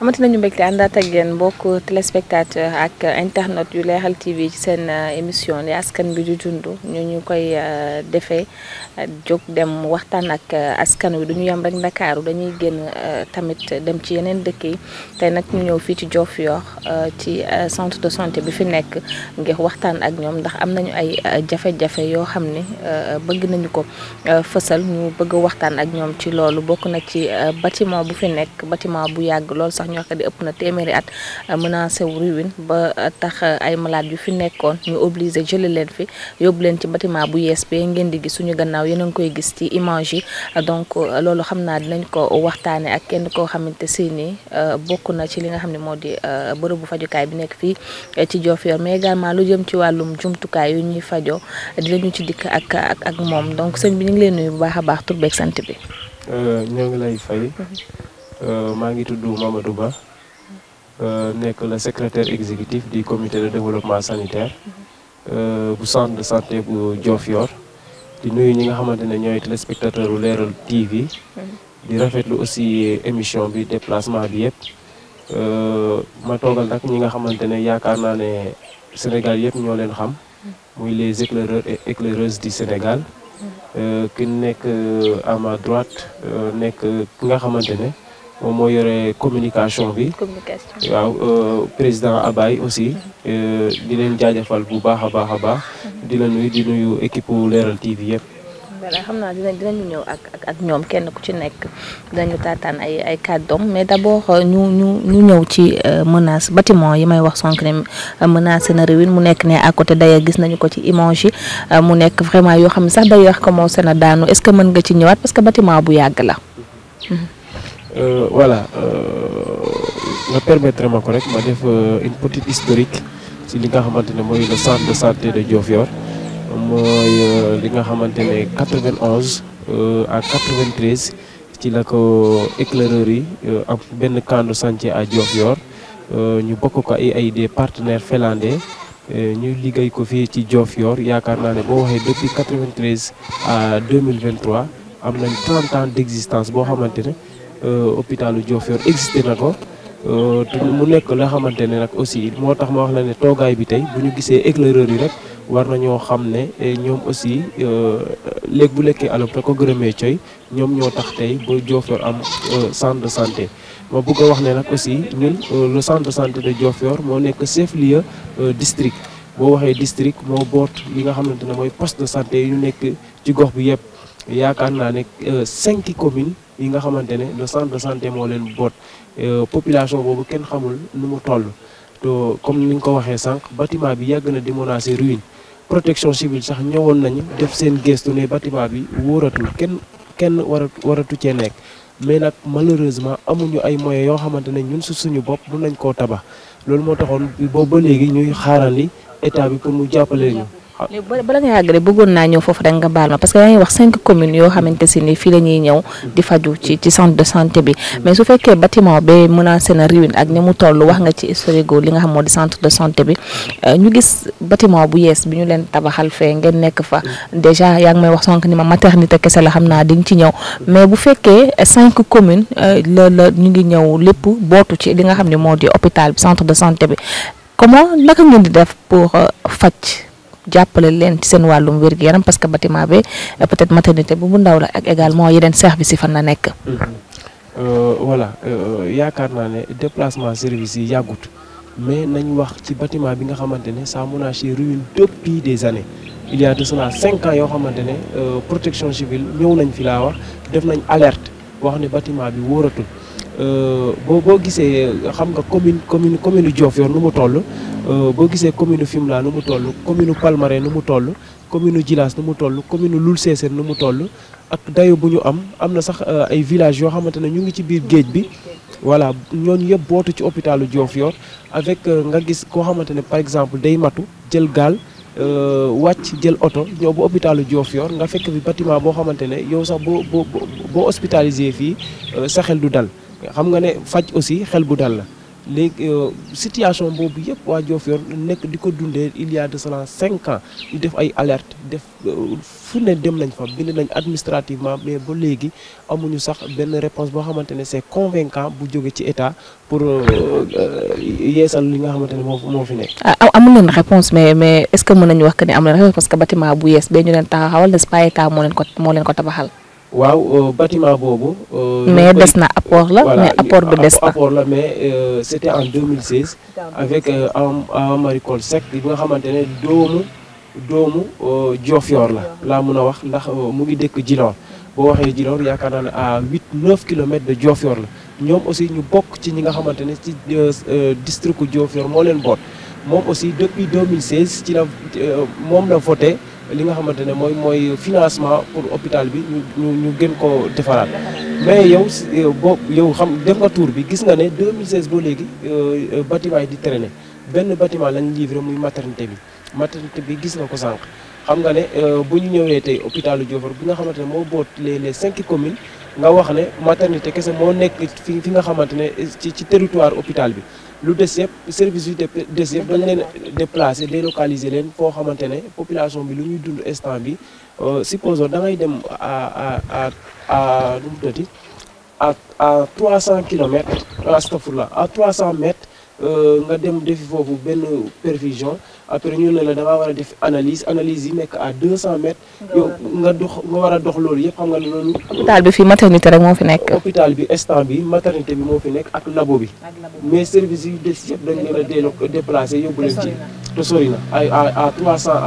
amati nañu mbégte àndaat ak yéen mbokk téléspectateur ak internet yu Leral TV ci seen euh, émission li askan bi di dund ñu ñu koy euh, defee jóg dem waxtaan ak eh, askan wi duñu ñu yem rek ndakaaru dañuy génn eh, tamit dem ci yeneen dëkk yi tey nag ñu ñëw fii ci Diofior eh, ci centre de santé bi fi nekk ngir waxtaan ak ñoom ndax am nañu ay jafe-jafe yoo xam ne bëgg nañu ko fësal ñu bëgg waxtaan ak ñoom ci loolu bokk na ci bâtiment bu fi nekk bâtiment bu yàgg lool sax ñoo xam ne ëpp na téeméeri at menacé wu ruine ba tax ay malade yu fi nekkoon ñu obligé jëlee leen fi yóbbu leen ci bâtiment bu yees bi ngeen di gis suñu gannaaw ginnaaw yéen a ngi koy gis ci image donc loolu xam naa dinañ ko waxtaane ak kenn koo xamante si ni euh, bokk na ci li nga xam ne moo di euh, bërëbu fajukaay bi nekk fii euh, ci Diofior mais également lu jëm ci wàllum jumtukaay yu ñuy fajo dinañu ci dikk ak ak ak moom donc sëñ bi ñu ngi leen nuyu bu baax a baax tur sant bi. ñoo ngi lay fay. maa ngi tudd Mamadou Ba. nekk le secretaire exécutif du comité de développement sanitaire bu centre de santé bu Diofior. di nuyu ñi nga xamante ne ñooy téléspectateur Leral TV. di rafetlu aussi émission bi déplacement bi yëpp. Euh, ma toogal nag ñi nga xamante ne yaakaar naa ne Sénégal yëpp ñoo leen xam. muy les éclaireurs et Sénégal. Euh, ki nekk euh, à ma droite nekk ki nga xamante ne. moom moo yore communication bi. communication waaw euh, président Abay aussi. Euh, di leen jaajëfal bu baax a baax a baax. di la nuyu di nuyu équipe Leral TV yëpp. voilà xam naa dinañ dinañu ñëw ak ak ak ñoom kenn ku ci nekk dinañu taataan ay ay kàddoom mais d'abord euh, ñu ñu ñu ñëw ci menace bâtiment yi may wax sonk ne menacé na ruine mu nekk ne à côté d'ailleurs gis nañu ko ci image mu nekk vraiment yoo xam ne sax d'ailleurs commencé na daanu est-ce que mën nga ci ñëwaat parce que bâtiment bu yàgg la. Mhm. Mhm. Euh, voilà euh, nga permettre ma ko rek ma def euh, une petite historique ci li nga xamante ne mooy le centre de santé de Diofior mooy li nga xamante ne 91 à 93 ci la ko éclaireur yi am benn camp de chantier à Diofior ñu bokk ko ay ay des partenaires finlandais ñu liggéey ko fii ci Diofior yaakaar naa ne boo waxee depuis 93 à 2023 am nañ 30 ans d' boo xamante ne. Euh, hôpitalu Diofior existé na ko euh, te mu nekk la xamante ne nag aussi moo tax ma wax la ne toogaay bi tey bu ñu gisee éclaireur yi rek war na ñoo xam ne eh, ñoom aussi euh, léeg bu lekkee alop te ko gërëmee coy ñoom ñoo tax tey bu Diofior am centre de santé ma bëgg a wax ne nag aussi ñun le centre de santé de Diofior moo nekk chef lieu district boo waxee district moo boot yi nga xamante ne mooy poste de santé yu nekk ci gox bi yëpp yaakaar naa ne euh, cinq communes yi nga xamante ne le centre de santé moo leen boot euh, population boobu kenn xamul nu mu toll to comme ni nga ko waxee sànq bâtiment bi yàgg na di menacer ruine protection civile sax ñëwoon nañu def seen gëstu ne bâtiment bi wóoratul kenn kenn waratu waratu cee nekk mais nag malheureusement amuñu ay moyens yoo xamante ne ñun si suñu bopp mun nañ koo tabax loolu moo taxoon boobu ba léegi ñuy xaarali état bi pour mu jàppale ñu léegi bala nga àggale bëggoon naa ñëw foofu rek nga baal ma parce que yaa ngi wax cinq communes yoo xamante si ni fii la ñëw di faju ci centre de santé bi mu toll wax nga ci historique li nga xam moo di centre de euh, ñu gis bâtiment bu yees bi ñu leen tabaxal fee ngeen nekk fa déjà yaa ngi may wax sonk ni ma maternité kese la xam naa di nga ci ñëw mais bu fekkee cinq communes euh, la la ñu ngi ñëw lépp bootu ci li nga xam ne moo di hôpital bi centre de santé bi comment naka ngeen di def pour euh, faj jàppale leen ci seen wàllum wér-gu-yaram parce que bâtiment bi euh, peut-être maternité bu bu ndaw la ak également yeneen service yi fan la nekk. Mm-hmm. Euh, voilà euh, yaakaar naa ne déplacement service yi yàggut mais nañ wax ci bâtiment bi nga xamante ne ça menace ruine depuis des années il y a de cinq ans yoo xamante ne protection civile ñëw nañ fi laa wax def nañ alerte wax ne bâtiment bi wóoratul. Euh, boo boo gisee xam nga commune commune commune Diofior nu mu toll euh, boo gisee commune Fimela nu mu toll commune Palmarin nu mu toll commune Djilas nu mu toll commune Loul Sessène nu mu toll ak dayo bu ñu am am na sax euh, ay villages yoo xamante ne ñu ngi ci biir géej bi voilà ñooñu yëpp bootu ci hôpitalu Diofior avec nga gis koo xamante ne par exemple day matu jël gaal wàcc jël oto ñëw ba hôpitalu Diofior nga fekk bi bâtiment boo xamante ne yow sax boo boo boo hospitalisé fii sa du dal xam nga ne faj aussi xel bu dal la léegi euh, situation boobu yëpp waa Diofior nekk di ko dundee il y de cela cinq ans ñu def ay alerte def euh, fu ne dem nañ fa bind nañ administrativement mais ba léegi amuñu sax benn réponse boo xamante ne c'est convaincant bu jóge ci état pour euh, yeesal li nga xamante ne moo moo fi nekk. Ah, ah, amul leen réponse mais est-ce que mën nañu wax que ne am na réponse parce que bâtiment bu yees bee ñu leen taxawal nest état moo leen ko moo waaw euh, bâtiment boobu. Euh, mais des na apport la mais apport bi des euh, na apport la mais c' était en 2016. avec en Marie Coll Seck bi nga xamante ne doomu doomu Diofior la laa mën a wax ndax mu ngi dëkk Djilor boo waxee Djilor yaakaar naa ne à huit neuf kilomètres de Diofior la ñoom aussi ñu bokk ci ñi nga xamante ne ci district Diofior moo leen boot moom aussi depuis 2016 ci la moom la voté. li nga xamante ne mooy mooy financement pour hôpital bi ñu ñu gën ko defaraat mais yow boo yow xam def nga tour bi gis nga ne 2016 ba léegi euh, euh, bâtiment yi di traîner benn bâtiment lañ livré muy maternité bi maternité bi gis nga ko sànq xam nga ne euh, bu ñu ñëwee tey hôpitalu Diofior bi nga xamante ne moo boot les les cinq communes nga wax ne maternité kese moo nekk fi fi nga xamante ne ci ci territoire hôpital bi lu des service yu des yëpp dañ leen déplacé délocaliser leen foo xamante ne population bi lu ñuy dund instant bi euh, supposons da ngay dem à à à nu mu tuddati à à trois cent kilomètres astafurlah à trois cent mètres euh, nga dem defi foofu benn perfusion après ñu ne la da war a def analyse analyse yi nekk à 200 mètres. yow nga dox nga war a dox loolu yëpp xam nga loolu. hôpital bi fii maternité fi nekk. hôpital bi instant bi maternité bi moo fi nekk ak labo bi. mais service yi des yëpp dañu leen a délocaliser déplacé yóbbu leen ci. te sori na ay à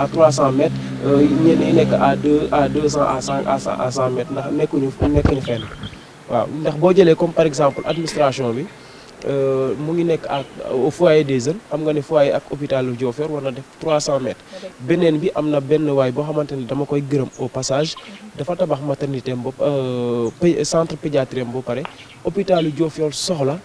à 300 à mètres euh, ñenn yi nekk à 2 à 200 à 100 à 100 mètres ndax nekkuñu nekkuñu fenn waaw ndax boo jëlee comme par exemple administration bi. Euh, mu ngi nekk ak au des jeunes xam nga ne foyer ak hôpital Diofior war na def 300 mètres beneen bi am na benn waay boo xamante ne dama koy gërëm au passage mhm. dafa tabax maternité am ba euh, centre pédiatrie am ba pare hôpital Diofior soxla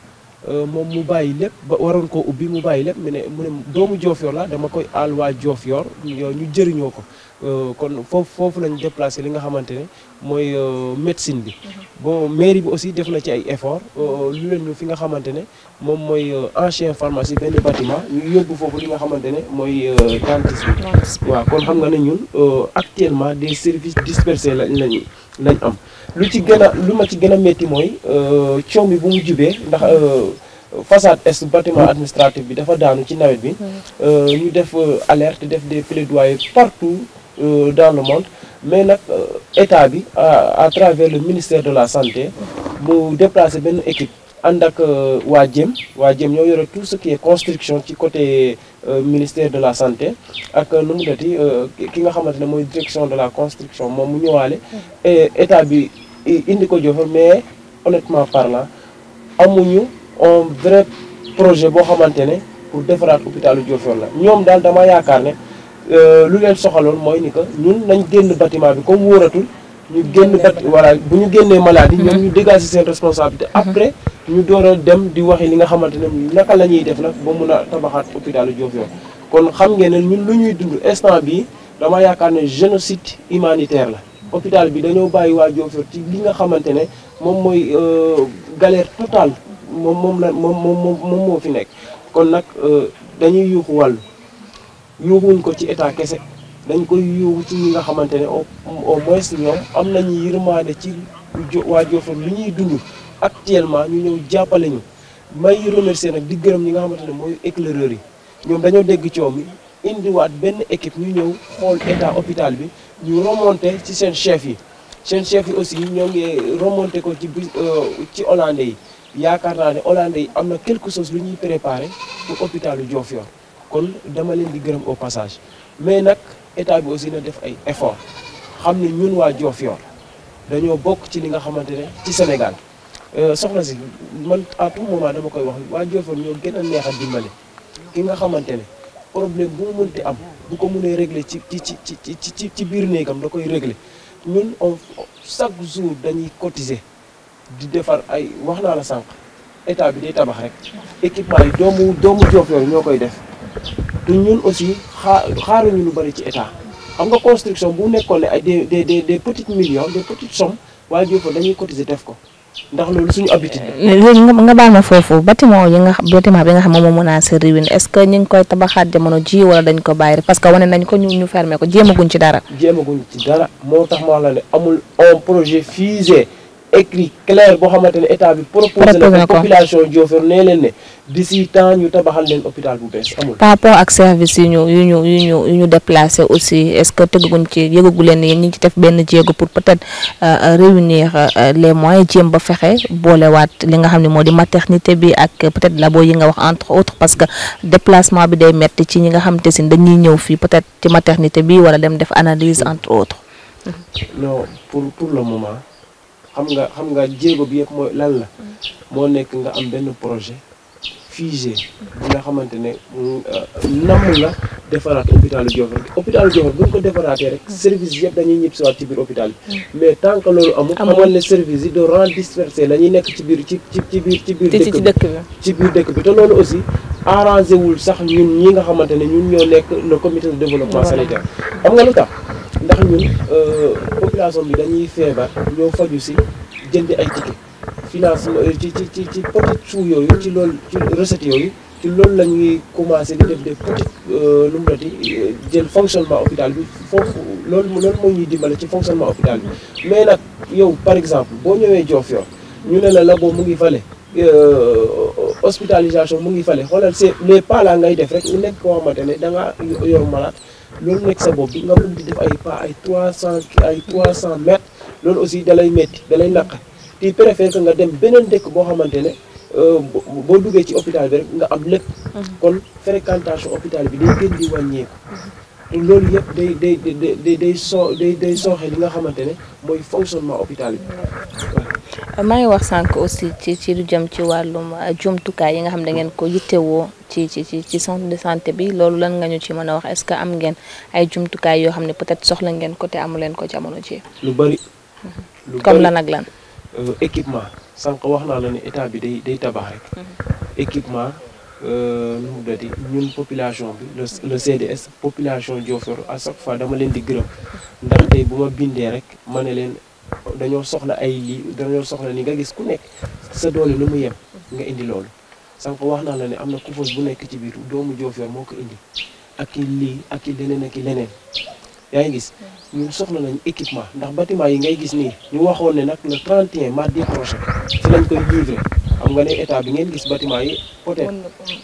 euh, moom mu bàyyi lépp ba waroon ko ubbi mu bàyyi lépp mu ne mu ne doomu Diofior la dama koy àll waa Diofior ñu jëriñoo ko Euh, kon foofu foofu lañ déplacé li nga xamante ne mooy euh, médecine bi bon mairie bi aussi def la ci ay effort euh, lu leen ñu fi nga xamante ne moom mooy ancien pharmacie benn bâtiment ñu yóbbu li nga xamante ne mooy dentiste bi waaw kon xam nga ne ñun actuellement des services dispersés lañ lañ lañ am lu ci gën a lu ma ci gën a métti mooy coow bi bu mu jubee ndax façade est bâtiment administratif bi dafa daanu ci nawet bi mm-hmm. ñu def alerte def des plaidoyers partout Euh, dans le monde mais nag euh, état bi à travers le ministère de la santé mu déplacé benn équipe ànd ak euh, waa Jëm waa Jëm ñoo yore tout ce qui est construction ci côté ministère de la santé ak nu mu dati ki nga xamante ne mooy direction de la construction moom mu ñëwaale et état bi indi ko jofa mais honnêtement parlant amuñu un vrai projet boo xamante ne pour defaraat hôpitalu Diofior la ñoom daal dama yaakaar ne Euh, lu leen soxaloon mooy ni que ñun nañ génn bâtiment bi comme wóoratul ñu génn bat voilà bu ñu génnee maladie ñoom mm-hmm. ñu si seen responsabilité mm-hmm. après ñu door dem di waxi li nga xamante ne naka la ñuy def nag ba mun a tabaxaat hôpitalu Diofior kon xam ngeen ne ñun lu ñuy dund instant bi dama yaakaar ne génocide humanitaire la hôpital bi dañoo bàyyi waa Diofior ci li nga xamante ne moom mooy euh, galère totale moom moom la moom moom moom moo fi nekk kon nag euh, dañuy yuuxu wàllu yóbbuwuñ ko ci état kese dañ koy yóbbu ci ñi nga xamante ne au au moins ñoom am nañu yërmaande ci waa Diofior lu ñuy dund actuellement ñu ñëw jàppale ñu may remercier nag di gërëm ñi nga xamante ne mooy éclaireurs yi ñoom dañoo dégg coow mi indiwaat benn équipe ñu ñëw xool état hopital bi ñu remonté ci seen chef yi seen chef yi aussi ñoo ngi remonté ko ci bi euh, ci hollandais yi yaakaar naa ne hollandais yi am na quelque chose lu ñuy préparé pour hôpitalu Diofior kon dama leen di gërëm au passage mais nag état bi aussi na def ay effort xam ne ñun waa Diofior dañoo bokk ci li nga xamante ne ci Sénégal euh, soxna si man à tout moment dama koy wax waa Diofior ñoo gën a neex a dimbale ki nga xamante ne problème bu mu mënti am bu ko mënee régler ci ci ci ci ci biir néegam da koy régler ñun on chaque jour dañuy cotiser di defar ay wax naa sànq état bi day tabax rek équipement yi doomu doomu Diofior ñoo koy def. te ñun aussi xaa xaaruñu lu bari ci état xam nga construction bu nekkoon ne ay des des des petites millions des petites sommes waa Diofa dañuy cotiser def ko ndax loolu suñu habitude eh, léegi nga baal ma foofu bâtiment yi nga bâtiment bi nga xam ne moom menacé ruine est-ce que ñu ngi koy tabaxaat jamono ji wala dañ ko bàyyi parce que wane nañ ko ñu ñu fermé ko jéemaguñ ci dara. jéemaguñ ci dara moo tax ma la ne amul un projet fusé. écrit clair boo xamante ne état bi proposé na population Diofior nee leen ne d'ici temps ñu tabaxal leen hôpital bu bees amul ak service yu ñu yu ñu déplacé aussi est-ce que tëgguñ ci yëgagu leen yéen ñu ci def benn jéego pour peut-être euh, euh, réunir euh, les moyens jéem ba fexe boolewaat li nga xam ne moo di maternité bi ak peut-être labo yi nga wax entre autres parce que déplacement bi day metti ci ñi nga xam te sin dañuy ñëw fii peut-être ci maternité bi wala dem def analyse entre autres non pour pour le xam nga xam nga jéego bi yëpp mooy lan la moo nekk nga am benn projet figé bi nga xamante ne euh, namm la defaraat hôpitalu Diofior hôpitalu Diofior bu ñu ko defaraatee rek service yëpp dañuy si siwaat ci biir hôpital bi mm. mais tant que loolu amul xamal ne service yi de rang dispersé la nekk ci biir ci ci ci biir ci biir dëkk bi ci biir dëkk bi te loolu aussi arrangé wul sax ñun ñi nga xamante ne ñun ñoo nekk le comité de développement sanitaire xam nga lu tax ndax ñun euh, population bi dañuy feebar ñoo faju si jënd ay ticket financement euh, ci ci ci ci petit yooyu ci loolu ci recette yooyu ci loolu la ñuy commencé di def des petites euh, lu mu jël fonctionnement hôpital bi foofu loolu loolu moo ñuy dimbale ci fonctionnement hôpital bi mais nag yow par exemple boo ñëwee Diofior ñu ne la labo mu ngi fale hospitalisation mu ngi fale xoolal c'est les pas ngay def rek ñu nekk koo xamante ne da ngaa yor malade loolu nekk sa bopp bi nga bëgg di def ay pas ay trois cent ay trois cent mètres loolu aussi dalay metti dalay naq ti préfère que nga dem beneen dëkk boo xamante ne euh, boo duggee ci hôpital bi rek nga am lépp mhm. kon fréquentation hôpital bi day gën di wàññeeku mhm. loolu yëpp day day day day soo day day sooxe li nga xamante ne mooy fonctionnement hôpital bi. Euh, maa wax sànq aussi ci ci lu jëm ci wàllum euh, jumtukaay yi nga xam da ngeen ko yittewoo ci ci ci ci centre de santé bi loolu lan nga ñu ci mën a wax est-ce que am ngeen ay jumtukaay yoo xam ne peut-être soxla ngeen ko te amu leen ko jamono ci lu bari mhm. lu comme lan ak lan. Euh, équipement sànq wax naa la ne état bi day day tabax rek. Mhm. équipement. Euh, nu mu dati ñun population bi le CDS population Diofior à chaque fois dama leen di gërëm ndax bu ma bindee rek ma ne leen dañoo soxla ay lii dañoo soxla ni nga gis ku nekk sa doole lu mu yem nga indi loolu sànq wax naa la ne am na coupouse bu nekk ci biir doomu Diofior moo ko indi ak i lii ak i leneen ak i leneen yaa gis ñun soxla nañ équipement ndax bâtiment yi ngay gis nii ñu waxoon ne nag le 31 mardi prochain ci lañ koy livrer xam nga ne état bi ngeen gis bâtiment yi peut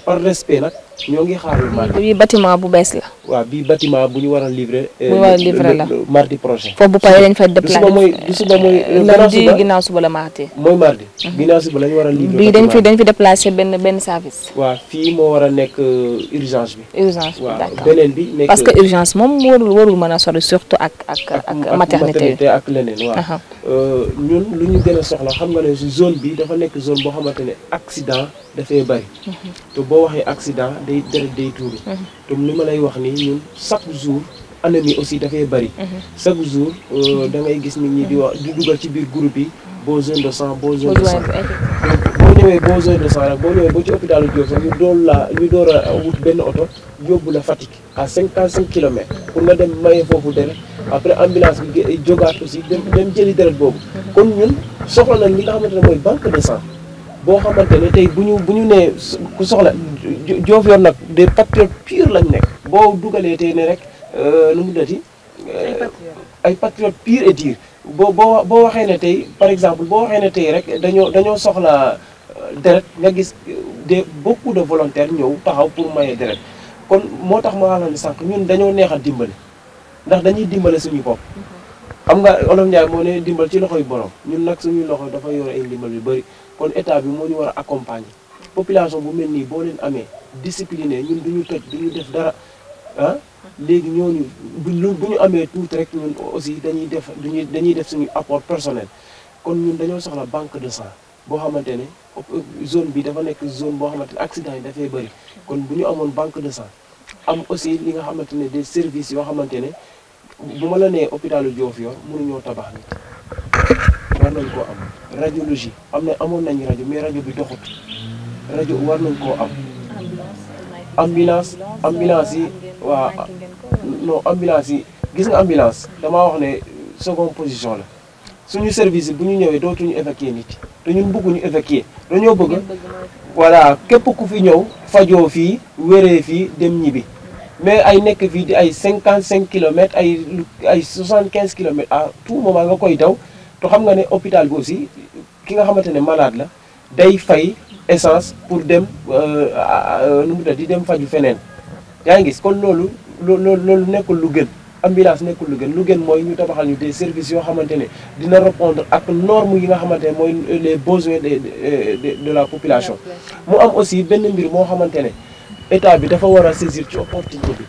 par respect nag ñoo ngi xaarul mardi. bii bâtiment bu bees la. waaw bii bâtiment bu ñu war a livrer. Euh, bu war a livrer la mardi prochain. foofu bu paree lañ fa déplacé. du suba mooy du suba mooy. Euh, lundi ginnaaw suba la mardi. mooy mardi. Mhm. ginnaaw suba lañ war a livrer. bii dañ fi dañ benn service. waaw fii moo war a nekk euh, urgence bi. urgence bi beneen bi parce que urgence moom a ak ak ak maternité ak leneen waaw euh, ñun lu ñu gën a soxla xam nga ne zone bi dafa nekk zone boo xamante ne accident dafay bari mhm. te boo waxee accident day deret day tuuri mhm. te li ma lay wax nii ñun chaque jour anémie aussi dafay bari mhm. chaque jour euh, da ngay gis ni ñi di wax di dugal ci biir groupe yi besoin de sang besoin de sang boo ñëwee besoin de sang rek boo ñëwee ba ci hôpitalu Diop sax ñu dool la ñu door a wut benn oto yóbbu a Fatick à cinquante cinq kilomètres pour nga dem maye foofu deret après ambulance bi jógaat aussi dem dem jëli deret boobu. kon ñun soxla nañ li nga xamante ne mooy banque de sang boo xamante ne tey bu ñu bu ñu nee ku soxla joof yoon nag des patriotes purs lañ nekk. boo dugalee tey ne rek euh, nu mu dati euh, ay patriotes purs et durs boo boo boo waxee ne tey par exemple boo waxee ne tey rek dañoo dañoo soxla euh, deret nga gis de beaucoup de volontaires ñëw taxaw pour maye deret kon moo tax ma wax la ne sànq ñun dañoo neex a dimbali. ndax dañuy dimbale suñu bopp xam nga olof Ndiaye moo ne dimbal ci loxo loxoy borom ñun nag suñuy loxo dafa yore ay dimbal yu bëri kon état bi moo ñu war a population bu mel nii boo leen amee discipliné ñun duñu toj duñu def dara ah léegi ñooñu bu ñu amee tuuti rek aussi dañuy def duñuy dañuy def suñu apport personnel kon ñun dañoo soxla banque de sang boo xamante ne zone bi dafa nekk zone boo xamante ne accident yi dafay bëri kon bu ñu amoon banque de sang am aussi li nga xamante ne des services yoo xamante ne bu ma la nee hôpitalu Diofior mënuñoo tabax nit war nañ koo am radiologie am na amoon nañ rajo mais rajo bi doxut rajo war nañ koo am ambulance ambulance yi waa non ambulance yi gis nga ambulance damaa wax ne seconde position la suñu service bu ñu ñëwee dootuñu évacuer nit te ñun bëgguñu évacuer dañoo bëgg voilà képp ku fi ñëw fajoo fii wéree fii dem ñibbi mais ay nekk fii di ay cinquante cinq kilomètres ay ay soixante quinze kilomètres à tout moment nga koy daw te xam nga ne hôpital bi aussi ki nga xamante ne malade la day fay essence pour dem euh, euh, nu mu tudd di dem faju feneen yaa ngi kon loolu loolu loolu nekkul lu gën ambulance nekkul lu gën lu gën mooy ñu tabaxal ñu des service yoo xamante ne dina répondre ak norme yi nga xamante ne mooy les besoins de de la population mu am aussi benn mbir moo xamante ne état bi dafa war a saisir ci opportunité bi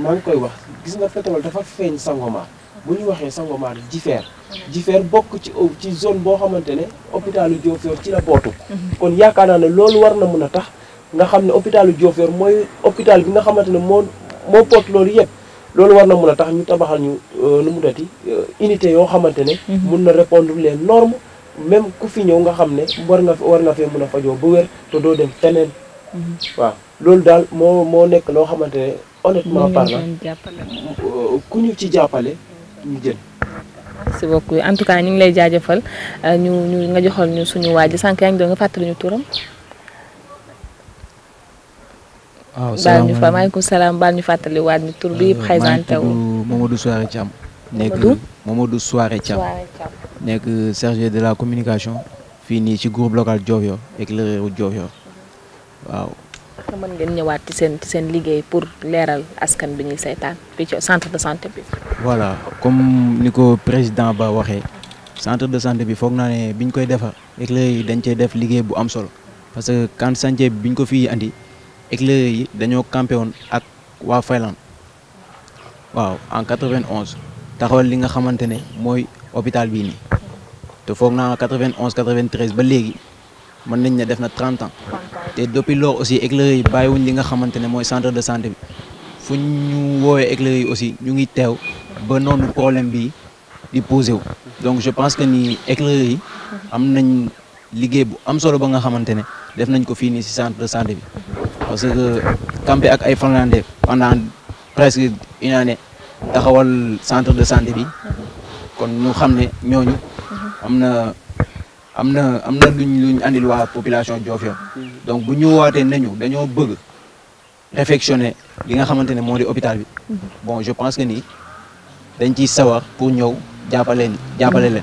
maa ngi koy wax gis nga pétrole dafa feeñ Sangomar mu ñu waxee Sangomar Jifeer Jifeer bokk ci ci zone boo xamante ne hôpitalu Diofior ci la bootu mhm. kon yaakaar naa ne loolu war na mun a tax nga xam ne hôpitalu Diofior mooy hôpital bi nga xamante ne moo moo poot loolu yëpp loolu war na mun a tax ñu tabaxal ñu euh, nu mu dati euh, unité yoo xamante ne mhm. mun na répondre leen norme même ku fi ñëw nga xam ne war nga war nga fee mun a fajoo ba wér te doo dem loolu daal moo moo nekk loo xamante ne honnêtement parlant euh, ku ñu ci jàppale ñu jën merci beaucoup en tout cas ñu ngi lay jaajëfal euh, ñu ñu nga joxal ñu suñu waaj sànq yaa ngi doon nga fàttali ñu turam waaw baal ñu fa maaleykum salaam baal ñu fàttali waat ñu tur bi euh, présenté wu Mamadou Soare Thiam nekk Mamadou Soare nekk chargé de la communication fii nii ci groupe local Diofior éclaireur Diofior waaw que mën ngeen ñëwaat ci seen ci seen liggéey pour leeral askan bi ñuy saytaan fii ci centre de bi. voilà comme ni ko président Ba waxee centre de santé bi foog naa ne biñ koy defar éclaireurs yi dañ cee def liggéey bu am solo parce que quand chantier bi biñ ko fi andi éclaireurs yi dañoo campé woon ak waa Finlande waaw en 91 taxawal li nga xamante ne mooy hôpital bii nii te foog naa 91 93 ba léegi. mën nañ ne def na trente ans te depuis loolu aussi éclaireurs yi bàyyiwuñ li nga xamante ne mooy centre de santé bi fu ñu woowee éclaireurs yi aussi ñu ngi teew ba noonu problème bi di posé donc je pense que nii éclaireurs yi am nañ liggéey bu am solo ba nga xamante ne def nañ ko fii nii si centre de santé bi parce que campé ak ay finlandais pendant presque une année taxawal centre de santé bi kon ñu xam ne ñooñu am na am na am na luñ luñ andil waa population Diofior donc bu ñu wootee nañu dañoo bëgg réfectionner li nga xamante ne moo di hôpital bi bon je pense que nii dañ ciy sawar pour ñëw jàppale leen jàppale leen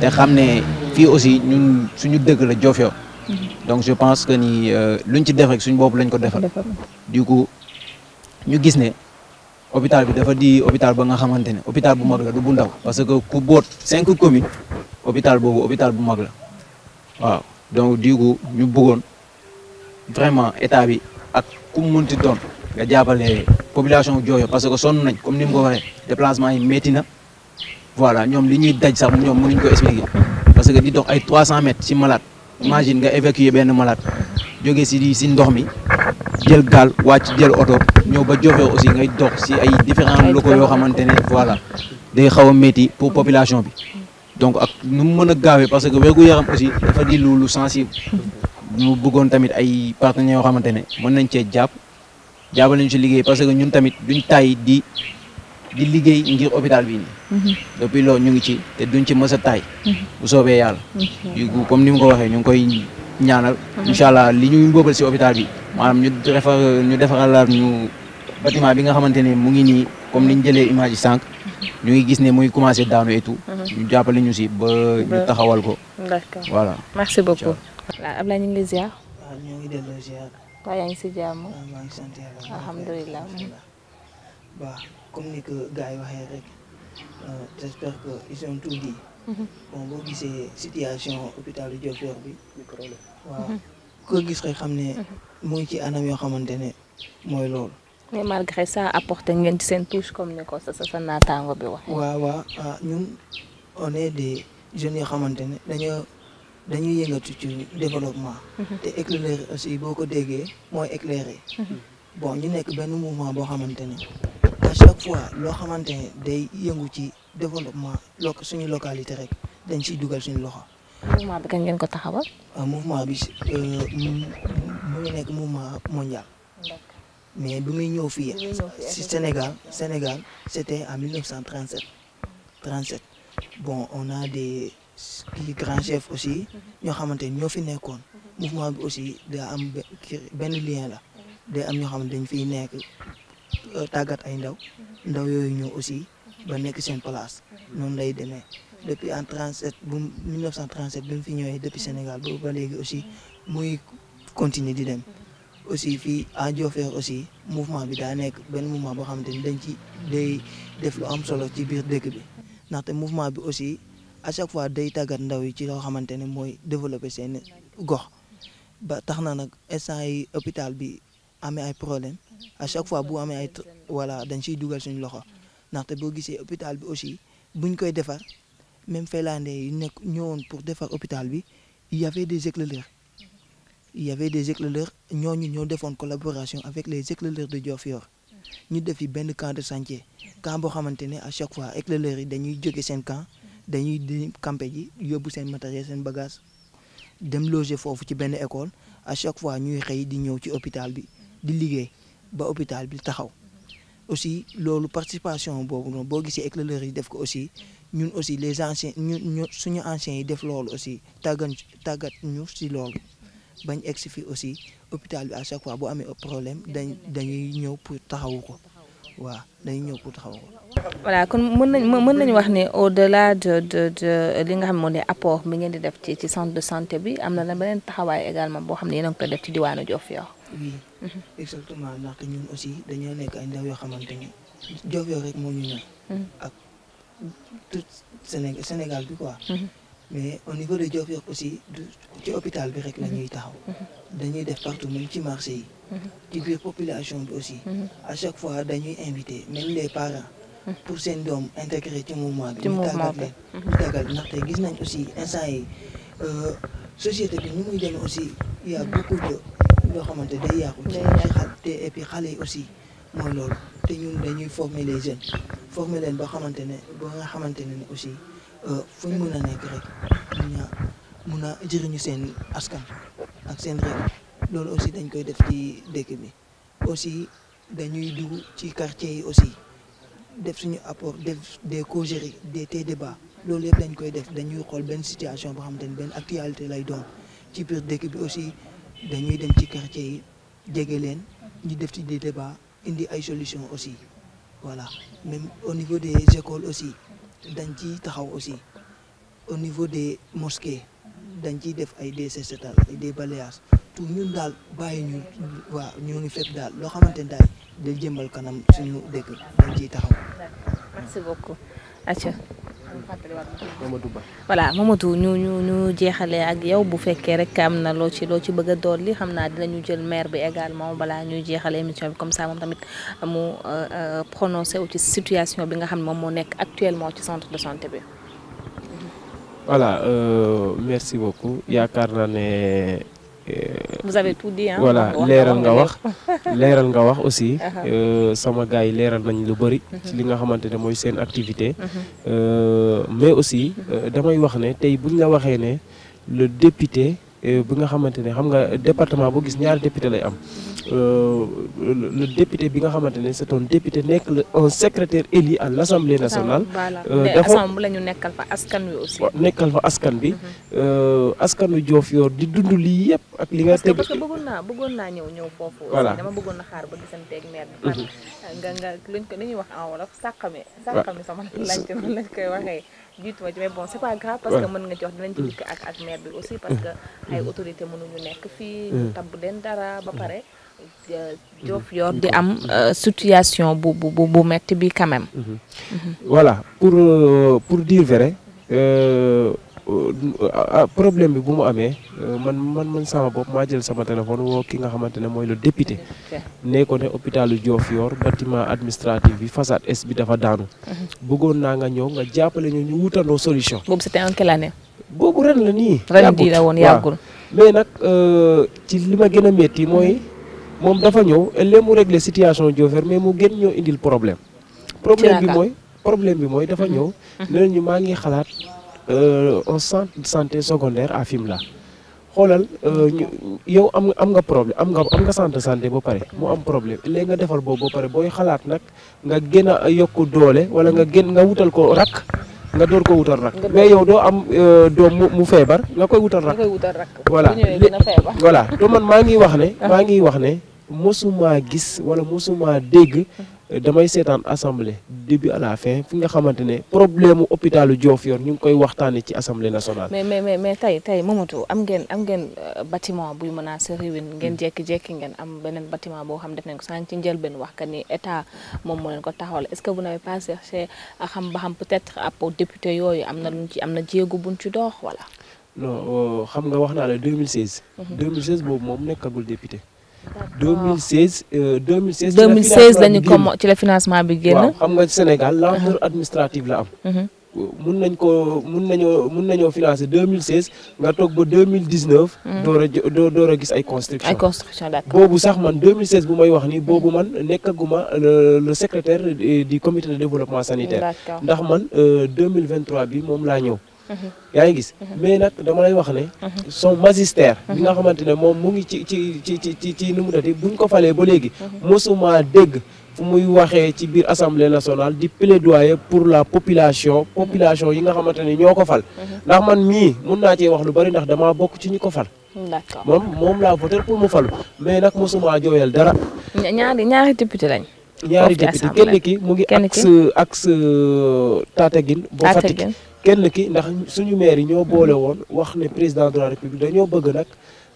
te xam ne fii aussi ñun suñu dëkk la Diofior donc je pense que ni euh, luñ ci def rek suñu bopp lañ ko defal du coup ñu gis ne hôpital bi dafa di hôpital ba nga xamante ne hôpital bu mag la du bu ndaw parce que ku boot cinq communes hôpital boobu hôpital bu mag la waaw donc du coup ñu bëggoon vraiment état bi ak ku mun ti doon nga jàppale population Diofior parce que sonn nañ comme ni mu ko waxee déplacement yi métti na voilà ñoom li ñuy daj sax ñoom mënuñ ko expliquer parce que di dox ay 300 mètres ci malade imagine nga évacuer benn malade jógee si si ndox mi jël gaal wàcc jël oto ñëw ba Diofior aussi ngay dox si ay différents locaux yoo xamante ne voilà day xaw a métti pour population bi. donc ak nu mu mën a gaawee parce que wérgu yaram aussi dafa di lu lu sensible. ñu bëggoon tamit ay partenaires yoo xamante ne mën nañ cee jàpp jàppale ñu si liggéey parce que ñun tamit duñ tàyyi di di liggéey ngir hôpital bi nii. Mhm. depuis loolu ñu ngi ci te duñ ci mës a taay. Mhm. bu soobee yàlla. Mhm. comme ni mu ko waxee ñu ngi koy ñaanal. incha allah li ñuy mbóobal si hôpital bi maanaam ñu defar ñu defaralaat ñu bâtiment bi nga xamante ne mu ngi nii comme ni ñu jëlee image yi sànq. ñu ngi gis ne muy commencé daanu et tout. Mhm. ñu jàppale ñu si ba ñu taxawal ko. d'accord voilà merci ngi lay ziar. waaw ñu ngi delloo ziar. waaw si jàmm. alhamdulilah. waaw comme ni ko yi waxee rek euh, j'espère que ils ont tout dit. Mhm. bon boo gisee situation hôpital Diofior bi. micro waaw. Mhm. ko gis rek xam ne. mu ngi ci anam yoo xamante ne mooy loolu. mais malgré ça apporté ngeen ci seen touche comme ni ko sa sa naataango bi wax. waaw waaw ah ñun on est des jeunes yoo xamante ne dañoo dañuy yëngatu ci développement. Mhm. te éclairer aussi boo ko déggee mooy éclairer. Mhm. bon ñu nekk benn mouvement boo xamante ne à chaque fois loo xamante ne day yëngu ci développement lo suñu localité rek dañ ciy dugal suñu loxo. mouvement bi kañ ngeen ko taxawal. Ah, mouvement bi euh, mu ngi nekk mouvement mondial. mais bi muy ñëw fii si Sénégal Sénégal c'était en 1937 37 bon on a des kii grands aussi mhm. ñoo xamante ni ñoo fi nekkoon mhm. mouvement bi aussi daa am benn lien la mhm. day am ñoo xam ne dañ fiy nekk euh, tàggat ay ndaw ndaw yooyu ñëw aussi ba nekk seen place noonu lay demee depuis en 37 bu 1937 bi mu fi ñëwee depuis Sénégal boobu ba léegi aussi muy continuer di dem aussi fii à Diofior aussi mouvement bi daa nekk benn mouvement boo xamante ni dañ ci day def lu am solo ci biir dëkk bi ndaxte mouvement bi aussi à chaque fois day tàggat ndaw yi ci loo xamante ne mooy développer seen gox ba tax na nag instant yi hôpital bi amee ay problème à fois bu amee ay voilà dañ ciy dugal suñu loxo ndaxte boo gisee hôpital bi aussi buñ koy defar même Finlandais yi nekk ñëwoon pour defar hôpital bi il y avait des il des avait des éclaireurs ñooñu ñoo defoon collaboration avec les éclaireurs de Diofior ñu def fi benn camp de chantier camp boo xamante ne a chaque fois éclaireurs yi dañuy jóge seen camp dañuy di campé ji yóbbu seen matériel seen bagage dem loger foofu ci benn école à chaque fois ñuy xëy di ñëw ci hôpital bi di liggéey ba hôpital bi taxaw aussi loolu participation boobu noonu boo gisee éclaireurs yi def ko aussi ñun aussi les anciens ñun ñu suñu anciens yi def loolu aussi tàggat tàggat ñu si loolu. bañ egsi fi aussi hôpital bi à chaque fois bu amee problème dañ dañuy ñëw pour taxawu ko waaw dañuy ñëw pour taxawu ko. voilà kon mën nañ mën nañu wax ne au delà de de de li nga xam ne moo ne apport bi ngeen di def ci ci centre de santé bi am na la beneen taxawaay également boo xam ne yéen a ngi koy def ci diwaanu Diofior. oui mhm. exactement ndaxte ñun aussi dañoo nekk ay ndaw yoo xamante ni Diofior rek moo ñu ñor. Mhm. ak tout bi quoi. Mhm. mais au niveau de Diofior aussi du ci hôpital bi rek la ñuy taxaw dañuy def partout même ci marché yi ci biir population bi aussi à chaque fois dañuy invité même les parents pour seen doom intégré ci mois bi ñu tàggat leen ñu gis nañ aussi instant yi euh, société bi ñu muy demee aussi il y a beaucoup de xamante day yàqu ci xal xale yi aussi moo lool te ñun dañuy former les jeunes former leen ba xamante ne ba nga xamante ne aussi fu ñu mën a nekk rek mun a mun seen askan ak seen réew loolu aussi dañ koy def ci dëkk bi aussi dañuy dugg ci quartier yi aussi def suñu apport def des causeries des té débats loolu yëpp dañ koy def dañuy xool benn situation boo xamante ni benn actualité lay doon ci biir dëkk bi aussi dañuy dem ci quartier yi jege leen ñu def ci des débats indi ay solutions aussi voilà même au niveau des écoles aussi dañ ciy taxaw aussi au niveau des mosquées dañ ciy def ay des setal ay des balayages tout ñun daal bàyyi ñu waaw ñoo ngi fépp daal loo xamante ne daal day jëmbal kanam suñu dëkk dañ ciy taxaw. merci voilà Mamadou ñu ñu ñu jeexalee ak yow bu fekkee rek am na loo ci loo ci bëgg a dool li xam naa dina ñu jël maire bi également balaa ñuy jeexale émission bi comme ça moom tamit mu euh, euh, prononcé wu ci situation bi nga xam ne moom moo nekk actuellement ci centre de santé bi. voilà euh, merci beaucoup yaakaar naa ne. Euh, vous avez tout dit hein voilà leeral nga wax leeral nga wax aussi. Uh-huh. Euh, sama gars yi leeral nañ lu bëri. Uh-huh. ci li nga xamante ne mooy seen activité. Uh-huh. Euh, mais aussi damay wax ne tey buñ la waxee ne le député. Euh, bi nga xamante ne xam nga département boo gis ñaari député lay am euh, le député bi nga xamante ne c'est un député nekk un secrétaire élu à l'Assemblée nationale. Euh, dafa lañu nekkal fa askan wi aussi. nekkal fa askan bi. Mhm. askan wi Diofior di dund lii yëpp ak li nga. teg parce que bëggoon naa bëggoon naa ñëw ñëw foofu. dama bëggoon na xaar ba gisanteeg maire bi. Mhm. nga nga luñ ko dañuy wax en wolof sàqame. koy waxee. jiituma ci mais bon c'est pas grave parce que mën nga jox dinañ ci dikk ak ak maire bi aussi parce que mm. ay autorité mënuñu nekk fii mm. ñu den leen dara ba pare mm. euh, Diouf yor di am euh, situation bu bu bu metti bi quand même mm-hmm. Mm-hmm. pour euh, pour dire vrai Euh, problème bi bu mu amee euh, man man man sama bopp maa jël sama téléphone woo ki nga xamante ne mooy le député nee ko ne hôpitalu Diofior bâtiment administratif bi façade est bi dafa daanu mhm. bëggoon naa nga ñëw nga jàppale ñu ñu wutandoo solution boobu c'était en quelle année boobu ren la nii ren mais nag euh, ci li ma gën a métti mooy moom dafa ñëw lee mu régler situation Diofior mais mu gën ñoo indil problème problème bi mooy bi mooy dafa ñëw mhm. ne ñu maa ngi xalaat un centre de santé secondaire à la xoolal euh, yow am am nga problème am nga am nga centre santé ba pare mu am problème léegi nga defal boobu ba pare booy xalaat nag nga gën a yokk doole wala nga génn nga wutal ko rakk nga door ko wutal rakk mais yow doo am euh, doom mu feebar nga koy wutal rakk voilà voilà to man maa ngi wax ne maa ngi wax ne mosumaa gis wala mosumaa dégg damay seetaan assemblée début à la fin fi nga xamante ne problème mu hôpitalu Diofior ñu ngi koy waxtaanee ci assemblée nationale. mais mais mais tey tey Momadou am am ngeen euh, bâtiment buy menacer ruine ngeen jékki-jékki ngeen am beneen bâtiment boo moom ko taxawal est-ce que vous n'avez pas cherché xam ba xam peut-être député yooyu am na luñ ci am na jéego buñ ci dox voilà. Euh, xam nga wax naa la 2016. 2016 mhm. boobu moom nekkagul député. 2016. 2016 mil la ñu comme ci la financement bi génn. waaw xam nga Sénégal lenteur uh-huh. administrative la am. Uh-huh. mun nañ ko mun nañoo mun nañoo financer 2016 nga toog ba 2019. Uh-huh. door a jo door a gis ay construction ay construction boobu sax man 2016 bu may wax nii boobu man nekkaguma le le secrétaire di comité de développement sanitaire. ndax man 2023 euh, bi moom laa ñëw. yaa ngi gis mhm. Mhm. mais nag dama lay wax ne mhm. son magistère bi nga xamante ne moom mu ngi ci ci ci ci ci ci nu mu tati buñ ko falee ba léegi mosuma dégg fu muy waxee ci biir assemblée nationale di plaidoyer pour la population population yi nga xamante ne ñoo ko fal ndax man mii mun naa cee wax lu bari ndax dama bokk ci ñu ko fal d'accord moom moom laa voté pour mu falu mais nag mosuma jooyal dara ñaari ñaari député lañ ñaari député kenn ki mu ngi axe axe Tataguine ba Fatick kenn ki ndax suñu maire yi ñoo boole woon wax ne président de la république dañoo bëgg nag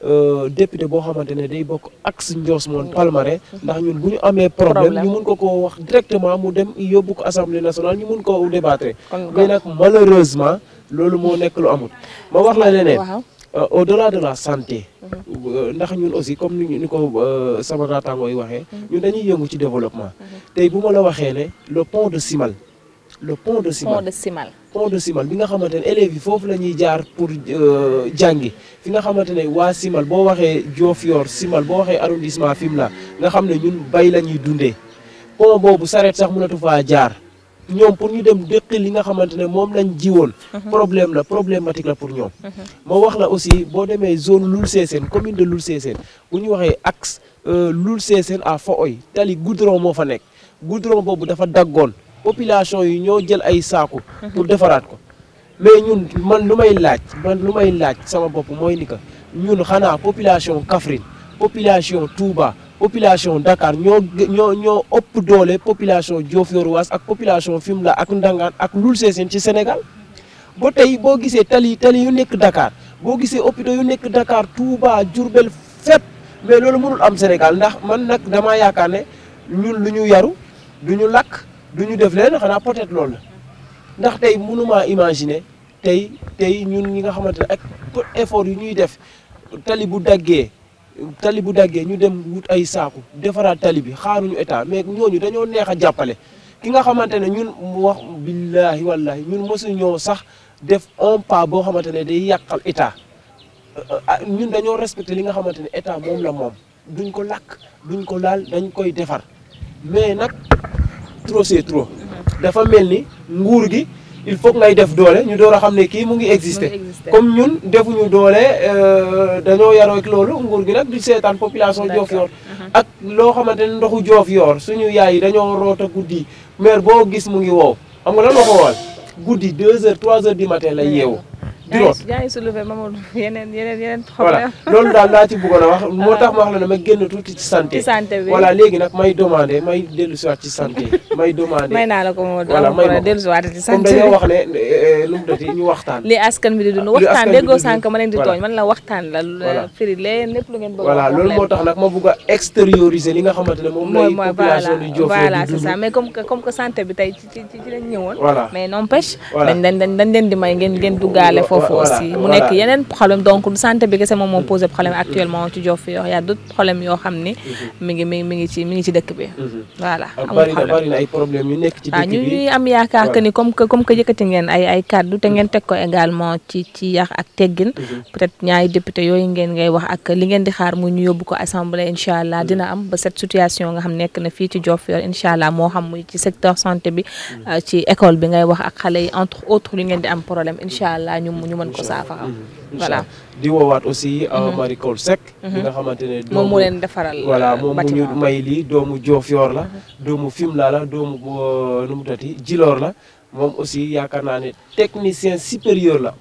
euh, député boo xamante ne day bokk ak si Ndios moon Palmarin ndax ñun bu ñu amee problème ñu mun ko koo wax directement mu dem yóbbu ko assemblée nationale ñu mun ko débattre mais nag malheureusement loolu moo nekk lu amul ma wax la leneen euh, au delà de la santé mhm. euh, ndax ñun aussi comme ni ni ko sama naataangoo yi waxee mhm. ñun dañuy yëngu ci développement mhm. tey bu ma la waxee ne le pont de Simal le pont de Simal pont de Simal. Simal bi nga xamante ne élèves yi foofu la ñuy jaar pour euh, jàngi fi nga xamante ne waa Simal boo waxee Diofior Simal boo waxee arrondissement Fimela nga xam ne ñun bay la ñuy dundee pont boobu sareet sax mënatu faa jaar ñoom pour ñu dem dëkk li nga xamante ne moom lañ jiwoon. Mhm. problème la problématique la pour ñoom. moo mhm. wax la aussi boo demee zone Loul Sessène commune de Loul Sessène bu ñu waxee axe euh, Loul Sessène à Faoy tali goudron moo fa nekk goudron boobu dafa daggoon. population yi ñoo jël ay saaku mhm. pour defaraat ko mais ñun man lu may laaj man lu may laaj sama bopp mooy ni que ñun xanaa population Kaffrine population Touba population Dakar ñoo ñoo ñoo ëpp doole population Diofior Ouass ak population Fimela ak Ndangaan ak Loul Sessène ci Sénégal boo tey boo gisee tali tali yu nekk Dakar boo gisee hôpitaux yu nekk Dakar Touba Diourbel fépp mais loolu mënul am Sénégal ndax man nag dama yaakaar ne ñun lu ñu yaru du ñu lakk du ñu def leen xanaa peut-être loolu la ndax tey mënumaa imaginer tey tey ñun ñi nga xamante ne ak effort yu ñuy def tali bu daggee tali bu daggee ñu dem wut ay saaku defaraat tali bi xaaruñu état mais ñooñu dañoo neex a jàppale ki nga xamante ne ñun wax billaahi wallaahi ñun mosuñoo sax def un pas boo xamante ne day yàqal état euh, euh, ñun dañoo respecté li nga xamante ne état moom la moom duñ ko làkk duñ ko laal dañ koy defar mais nag trop c'est trop dafa mel ni nguur gi il faut ngay def doole ñu door a xam ne kii mu ngi exister comme ñun defuñu doole euh, dañoo yaroo ak loolu nguur gi nag du seetaan population joof yoor uh-huh. ak loo xamante ne ndoxu joof yoor suñu yaay yi dañoo root a guddi maire boo gis mu ngi woow xam nga lan la ko woon guddi deux heures trois heures du matin lay yeewu juróom yaa ngi soulevé Mamadou yeneen yeneen yeneen problème a wax moo tax ma wax la ne ma génn tuuti ci santé santé bi voilà léegi nag may demandé may dellu siwaat ci santé may demandé naa la ko moo voilà may wax ne eh, eh, eh, lu mu dati ñu bi di dund waxtaan déggoo sànq ma man la waxtaan la lu ngeen bëgg voilà loolu moo tax nag ma bëgg a extérioriser li nga xamante ne moom lay population di Diofior voilà c'est ça mais tey ci lañ ñëwoon voilà mais n'empêche dañ dañ dañ leen di may ngeen ngeen duggaale foofu foofu aussi mu nekk yeneen problème donc santé bi kese moom moo posé problème actuellement ci Diofior a mhm. yooyu ngeen ngay wax ak li ngeen di xaar mu ñu yóbbu ko assemblée incha allah mhm. dina am ba cette situation nga xam nekk na fii ci Diofior incha allah moo xam muy ci secteur santé bi mhm. euh, ci école bi ngay wax ak xale yi entre autres li ngeen di am problème incha allah jàmm ñu mën ko saafara voilà di woowaat aussi euh, mhm. Marie Coll Seck mhm. nga xamante ne moom mu leen defaral euh, voilà moom mu ñu may lii doomu Diofior la mhm. doomu Fimela la doomu euh, nu mu tati Djilor la moom aussi yaakaar naa ne technicien supérieur la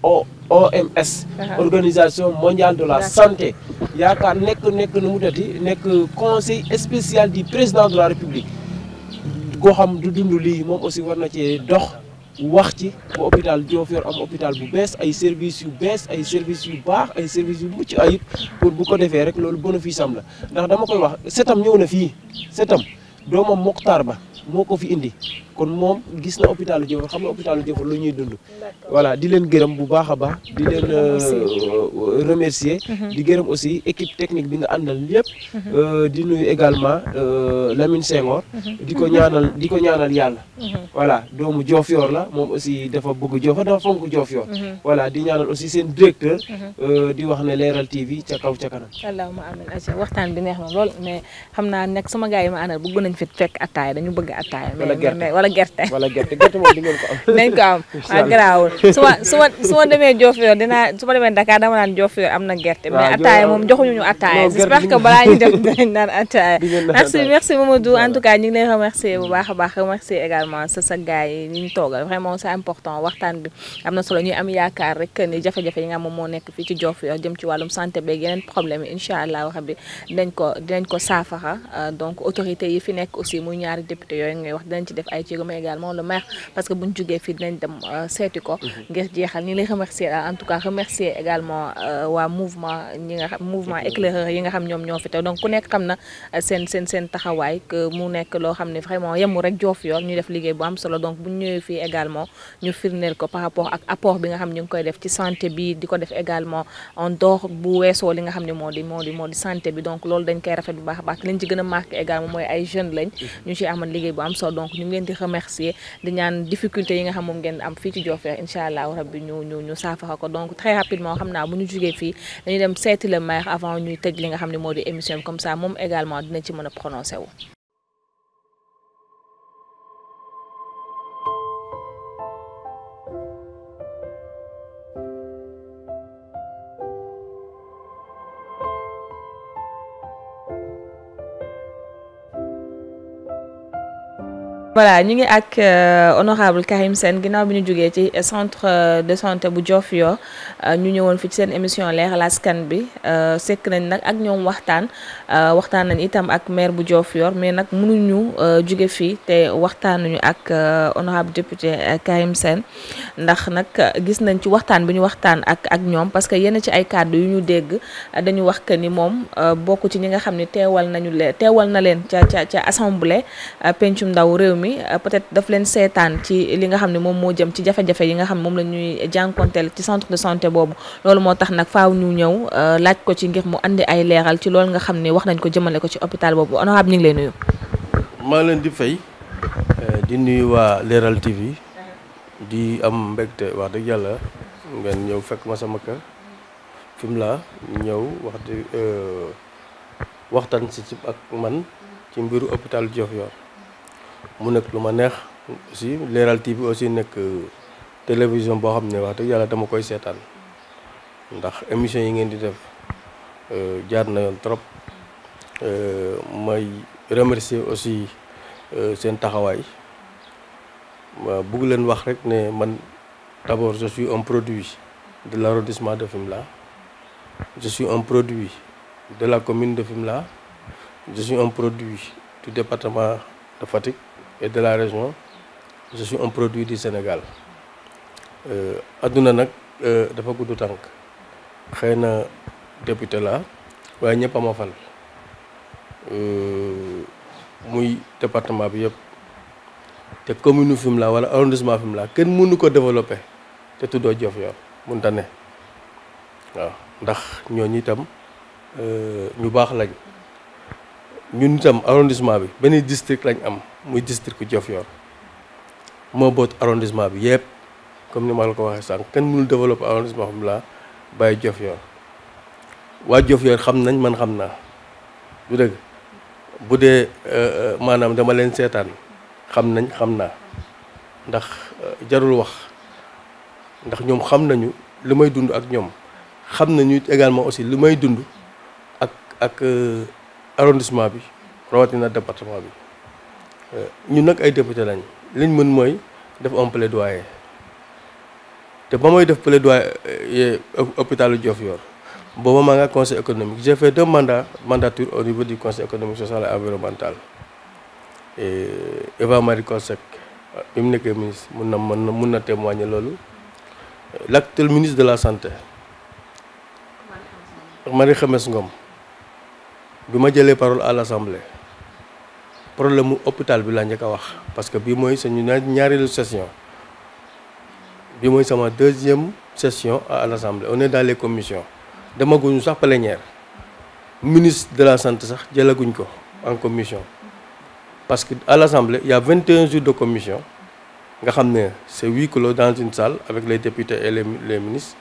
OMS organisation mondiale de la santé yaakaar nekk nekk nu mu tati nekk conseil spécial du président de la république koo xam du dund lii moom aussi war na cee dox wax ci ba hôpital yor am hôpital bu bees ay services yu bees ay services yu baax ay services yu mucc ayib pour bu ko defee rek loolu bénéfice am la ndax dama koy wax setam ñëw na fii setam doomam Mokhtar Ba moo ko fi indi kon moom gis na hôpitalu Jëfër xam na hôpitalu Jëfër lu ñuy dund voilà di leen gërëm bu baax a baax di leen remercier euh, euh, mhm. di gërëm aussi équipe technique bi nga àndal yëpp mhm. euh, di nuyu également Lamine Senghor mhm. di ko ñaanal di ko ñaanal yàlla voilà doomu Diofior la moom aussi dafa bëgg Diofior dafa fonk Diofior voilà di ñaanal aussi seen directeur di wax ne Leral TV ca kaw ca kanam allahumma amin aca waxtaan bi neex na lool mais xam naa nag sama gaa yi ma àndal bëgg nañ fi fekk attaaya dañu bëgg attaaya wala gerte. wala gerte gerte moom di ngeen ko am. nañ ko am waaw ah, garaawul su ma su ma su ma demee Diofior dinaa su ma demee na gerte. mais ataaya moom joxuñu ñu ataaya. j'espère que balaa en tout cas ñu remercier bu baax a baax remercier également sa sa gars yi vraiment c'est important waxtaan bi am na solo ñuy am yaakaar rek ni jafe-jafe yi nga moom moo nekk fii ci Diofior jëm ci wàllum santé beeg yeneen problème yi allah rabbi dinañ ko ko saafara euh, donc autorité yi fi nekk aussi muy ñaari député yooyu ngay wax dinañ ci def ay Diego mais également le maire parce que bu ñu jugee fii dinañ dem euh, seeti ko. Mhm. ngir jeexal ñu lay remercier euh, en tout cas remercier également euh, waa mouvement nga xam éclaireur yi nga xam ñoom ñoo fi teew donc ku nekk xam na seen seen seen taxawaay que mu nekk loo xam ne vraiment yemu rek joof yoon ñu def liggéey bu am solo donc bu ñu ñëwee fii également ñu ko xam ñu ngi koy def ci santé bi di ko def également en dehors bu weesoo li nga xam ne moo di moo di moo di santé bi donc loolu dañ koy rafet bu baax a baax liñ ci gën a marqué également remercier di ñaan difficulté yi nga xam moom ngeen am fii ci Diofior incha allah rabbi ñu ñu ñu saafara ko donc très rapidement xam naa bu ñu jugee fii dañuy dem seeti le maire avant ñuy tëj li nga xam ne moo di émission bi comme ça moom également dina ci mën a prononcé wu voilà ñu ngi ak euh, honorable Karim Sène ginaaw bi ñu jógee ci centre euh, de santé bu Diofior euh, ñu ñëwoon fi ci seen émission leeral askan bi sekk nañ nag ak ñoom waxtaan waxtaan nañ itam ak maire bu Diofior mais nag mënuñu jóge fii te waxtaanuñu ak honorable député Karim Sène ndax nag gis nañ ci waxtaan bi ñu waxtaan ak ak ñoom parce que yenn ci ay kàddu yu ñu dégg dañu wax que ni moom bokk ci ñi nga xam ni teewal nañu leen teewal na leen ca ca ca assemblée pencum ndaw réew mi euh, peut daf leen seetaan ci li nga xam ne moom moo jëm ci jafe-jafe yi nga xam ne moom la ñuy jànkonteel ci centre de santé boobu loolu moo tax nag faaw ñu ñëw euh, laaj ko ci ngir mu indi ay leeral ci loolu nga xam ne wax nañ ko jëmale ko ci hôpital boobu honorable ñu ngi lay nuyu. maa leen di fay euh, di nuyu waa Leral TV di am mbégte wax dëgg yàlla ngeen ñëw fekk ma sama kër fi mu laa ñëw wax dëgg waxtaan si ci ak man ci mbiru hôpital Diofior mu nekk lu ma neex aussi Leral TV aussi nekk euh, télévision boo xam ne wax dëgg yàlla dama koy seetaan ndax émission yi ngeen di def euh, jaar na yoon trop euh, may remercier aussi seen taxawaay bugg leen wax rek ne man d'abord je suis un produit de l'arrondissement de Fimela je suis un produit de la commune de Fimela je suis un produit du département de Fatick et de la région je un produit du Sénégal euh, adduna nag euh, dafa gudd tànk xëy na député laa waaye ñëpp a ma euh, muy département bi yëpp te commune Fimela wala arrondissement Fimela kenn mënu ko développer te tuddoo Diofior mënta ne waaw ndax ñooñu itam ñu baax lañ ñun itam arrondissement bi benn district lañ am. muy district Diofior moo boot arrondissement bi yëpp comme ni ma la ko waxee sànq kenn mënul développer arrondissement xam laa bàyyi Diofior waa Diofior xam nañ man xam naa du dëgg bu dee euh, euh, maanaam dama leen seetaan xam nañ xam naa ndax euh, jarul wax ndax ñoom xam nañu li may dund ak ñoom xam nañu également aussi li may dund ak ak arrondissement bi rawatina département bi ñun nag ay député lañ liñ mën mooy def un plaidoyer te ba mooy def plaidoyer eh, hôpitalu Diofior booba maa nga conseil économique j'ai fait deux mandats mandature au niveau du conseil économique social et environnemental et Eva Marie Coll Seck bi mu nekkee ministre mun na mën na mun na témoigner loolu l'actuel ministre de la santé Marie Khemesse Ngom bi ma jëlee parole à l'Assemblée problème mu hôpital bi laa njëkk a wax parce que bii mooy suñu ñaareelu session bi mooy sama deuxième session à l'Assemblée on est dans les commissions demaguñu sax plénière ministre de la santé sax jëlaguñ ko en commission parce que à l'Assemblée il y a jours de commission nga xam ne c'est huis clos dans une salle avec les députés et les les ministres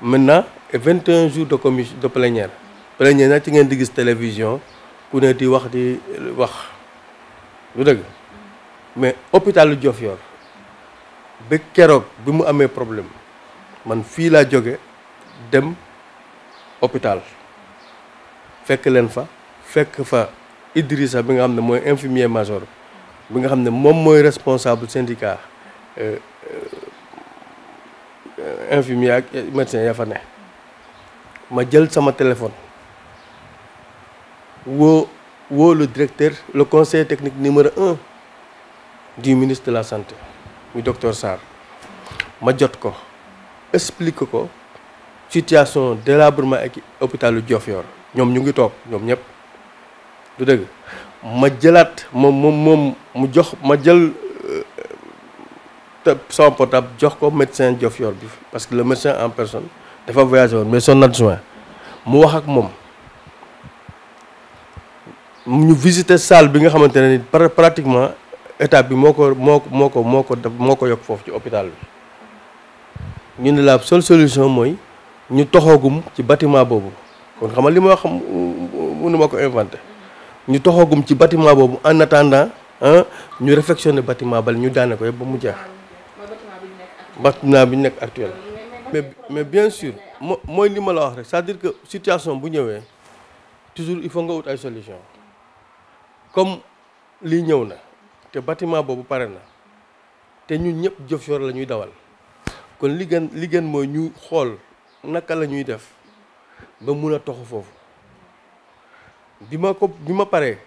maintenant 21 jours de commission de plénière plénière nag ci ngeen di gis télévision ku ne di wax di wax lu dëgg mais hôpitalu Diofior ba keroog bi mu amee problème man fii laa jóge dem hôpital fekk leen fa fekk fa Idrissa bi nga xam ne mooy infirmier major bi nga xam ne moom mooy responsable syndicat euh, euh, infirmier ak médecin ya fa ne ma jël sama téléphone woo woo le directeur le conseil technique numéro un du ministre de la santé muy docteur Sarr ma jot ko explique ko situation délabrement ak hôpitalu Diofior ñoom ñu ngi toog ñoom ñëpp du dëgg ma jëlaat moom moom moom mu jox ma jël euh, sama portable jox ko médecin Diofior bi parce que le médecin en personne dafa voyagé woon mais son adjoint mu wax ak moom ñu visiter salle bi nga xamante ne ni pratiquement état bi moo ko moo ko moo ko moo ko def moo ko yokk foofu ci hôpital bi ñu ne la seule solution mooy ñu toxoogum ci batiment boobu kon xam nga li ma wax mënu ma ko inventé ñu toxoogum ci bâtiment boobu en attendant ñu réfectionné batiment bal ñu daane ko yëpp ba mu jeex. bâtiment bi ñu nekk actuel. mais mais bien sûr mooy li ma la wax rek cest dire que situation bu ñëwee toujours il faut nga wut ay solution comme lii ñëw na te batiment boobu pare na te ñun ñëpp jëf yor la ñuy dawal kon li gën li gën mooy ñu xool naka la ñuy def ba mun a toxu foofu bi ma ko bi ma pare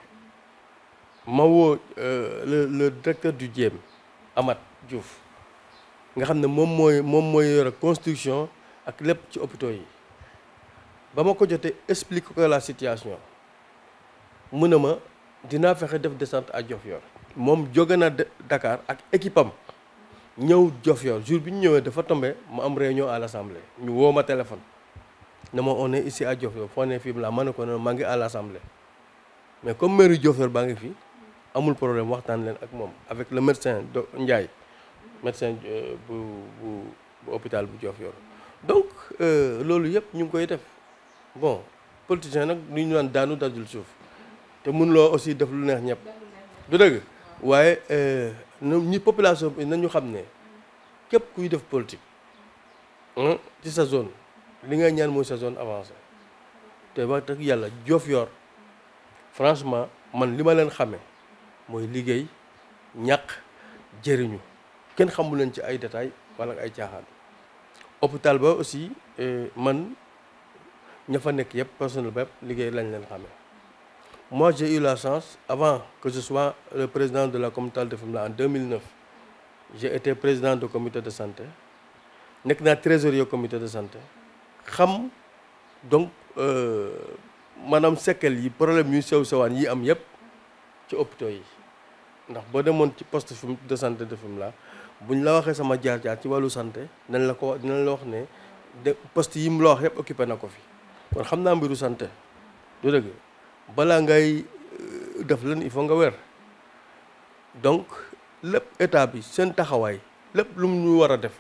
ma woo euh, le directeur du JEM Amat Diouf nga xam ne moom mooy moom mooy yore construction ak lépp ci hôpitaux yi ba ma ko jotee explique ko la situation mun a ma dinaa fexe def descente à Diofior moom jóge na dakaar ak équipe ñëw ñëw Diofior jour bi ñu ñëwee dafa tombé mu am réunion à l'assemblée ñu woo ma téléphone ne ma on est ici à Diofior foo ne fii laa ma ne ko noonu maa ngi à l'assemblée mais comme mairie Diofior baa ngi fii amul problème waxtaan leen ak moom avec le médecin do Ndiaye médecin euh, bu bu bu hôpital bu Diofior donc euh, loolu yëpp ñu ngi koy def bon politicien nag lu ñu naan daanu dajul suuf te mënuloo aussi def lu neex ñëpp. du dëgg waaye euh, ñi population bi nañu xam ne képp kuy def politique ci sa zone li ngay ñaan mooy sa zone avancée te ba dëgg yàlla joof yor franchement man li ma leen xamee mooy liggéey ñàq jëriñu kenn xamu leen ci ay détails wala ay caaxaan. hôpital ba aussi euh, man ña fa nekk yëpp personnel ba yëpp liggéey lañ leen xame mois j'ai eu la chance avant que je sois le président de la communauté de Fimela en 2009 j'ai été président du comité de santé nekk naa trésorier comité de santé xam donc euh, maanaam sekkal yi problème yu sew sewaan yi am yëpp ci hôpitaux yi ndax boo demoon ci poste de santé de Fimela bu ñu la waxee sama jaar-jaar ci wàllu santé dinañ la ko dinañ la wax ne de poste yi mu la wax yëpp occupé na ko fi kon xam naa mbiru santé du dëgg balaa ngay euh, def lan il faut nga weer donc lépp état bi seen taxawaay lépp lu mu ñu war a def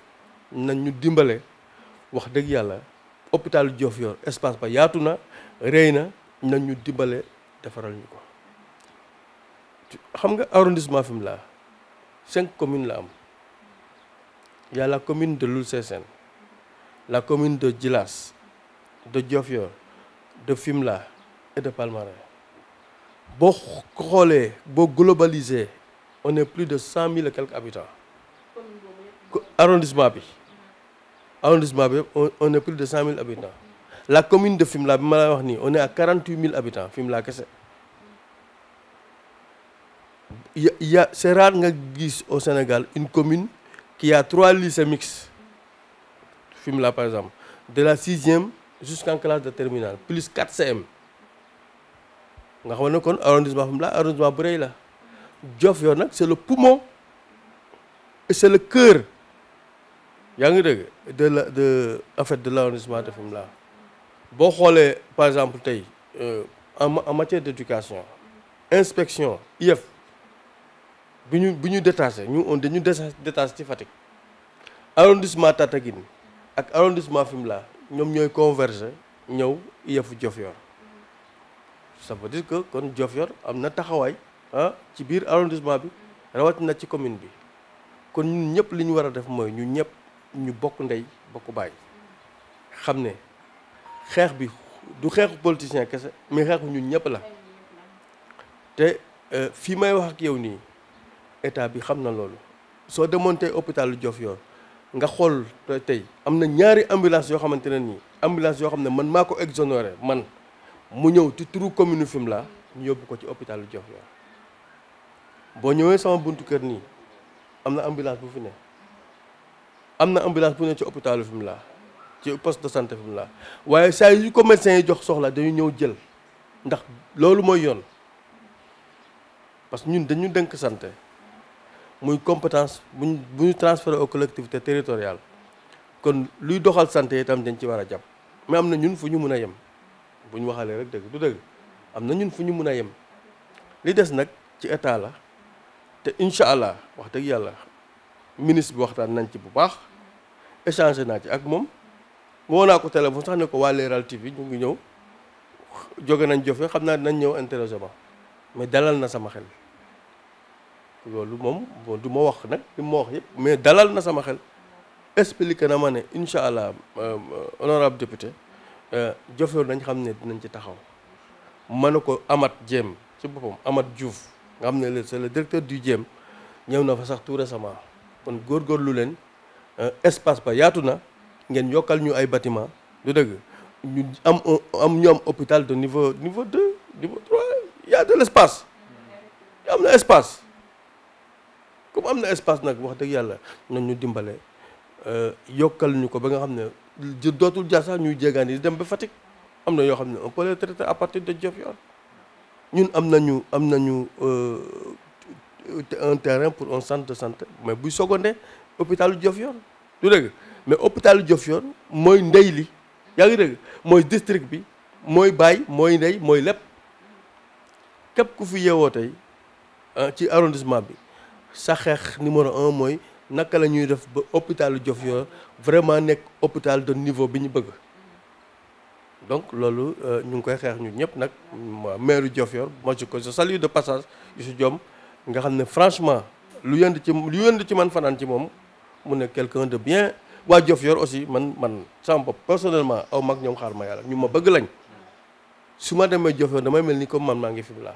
nañ ñu dimbale wax dëgg yàlla hôpital Diofior espace ba yaatu na rëy na nañu dimbale defaral ñu ko xam nga arrondissement Fimela cinq commune la am yàlla commune de Loul Sessène la commune de Djilas de Diofior de Fimela e de Palmarin boo xoolee boo globalisé on est plus de cent mille et quelques habitants arrondissement bi arrondissement bi on est plus de cent mille habitants la commune de Fimela bi ma lay wax nii on est à quarante huit mille habitants Fimela kese ya c'est rare nga gis au Sénégal une commune qui a trois lycées mixtes Fimela par exemple de la sixième jusqu'en classe de terminal plus quatre CM nga xam ne kon arrondissement Fimela arrondissement bu rëy la Diofior nag c' est le poumon et c' est le cœur yaa ngi dégg de la de en de l' arrondissement de Fimela boo xoolee par exemple tey euh, en en matière d' éducation inspection IEF bi ñu bi ñu détaché ñu on dañu détaché ci Fatick arrondissement Tataguine ak arrondissement Fimela ñoom ñooy converger ñëw IEF Diofior ça veut dire que kon Diofior am na taxawaay ah ci biir arrondissement bi rawatina ci commune bi kon ñun ñëpp li ñu war a def mooy ñu ñëpp ñu bokk ndey bokk bàyyi xam ne xeex bi du xeexu politicien kese mais xeexu ñun ñëpp la te euh, fii may wax ak yow nii état bi xam na loolu soo demoon tey hôpitalu Diofior nga xool tey am na ñaari ambulance yoo xamante ne nii ambulance yoo xam ne man maa ko exonéré man mu ñëw ci turu commune Fimela ñu yóbbu ko ci hôpitalu Diofior boo ñëwee sama buntu kër nii am na ambulance bu fi ne am na ambulance bu ne ci hôpitalu Fimela ci poste de santé Fimela waaye saa yu ko médecins yi jox soxla dañu ñëw jël ndax loolu mooy yoon parce que ñun dañu dënk santé muy compétence buñ bu ñu transféré aux collectivités territoriales kon luy doxal santé itam dañ ci war a jàpp mais am na ñun fu ñu mën a yem bu ñu waxalee rek dëgg du dëgg am na ñun fu ñu mën a yem li des nag ci état la te incha allah wax dëgg yàlla ministre bi waxtaan nañ ci bu baax échangé naa ci ak moom woo naa ko téléphone sax ne ko waa Leral TV ñu ngi ñëw jóge nañ jofe xam naa nañ ñëw interrogé ma mais dalal na sama xel loolu moom du ma wax nag li ma wax yëpp mais dalal na sama xel expliqué na ma ne incha allah euh, euh, honorable député Diofior euh, nañ xam ne dinañ ci taxaw mën na ko amat jéem ci boppam amat Diouf nga am ne le c'est le directeur du jéem ñëw na fa sax tout récemment kon góor góorgóorlu leen euh, espace ba yaatu na ngeen yokkal ñu ay bâtiment du dëgg ñu am am ñu am hôpital de niveau niveau deux niveau trois y a de l'espace am na espace comme am na espace nag wax dëgg yàlla nañ ñu dimbale Euh, yokkal ñu ko ba nga xam ne dootul jaar sax ñuy jéegaan dem ba Fatick am na yoo xam ne on peut les traiter à partir de Diofior ñun am nañu am na nañu euh, un terrain pour un centre de santé mais buy sogondee hôpitalu Diofior du dëgg mais hôpitalu Diofior mooy ndey li yaa ngi dëgg mooy district bi mooy baay mooy ndey mooy lépp képp ku fi yeewoo tey ah, ci arrondissement bi sa xeex numéro un mooy naka la ñuy def ba hôpitalu Diofior vraiment nekk hôpital de niveau bi ñu bëgg donc loolu euh, ñu ngi koy xeex ñun ñëpp nag maire Diofior moi je je salue de passage Youssou Diom nga xam ne franchement lu yënd ci lu yënd ci man fanaan ci moom mu ne quelqu'un de bien waa Diofior aussi man man sama bopp personnellement aw mag ñoom xaar ma yàlla ñu ma bëgg lañ su ma demee Diofior damay mel ni comme man maa ngi fi laa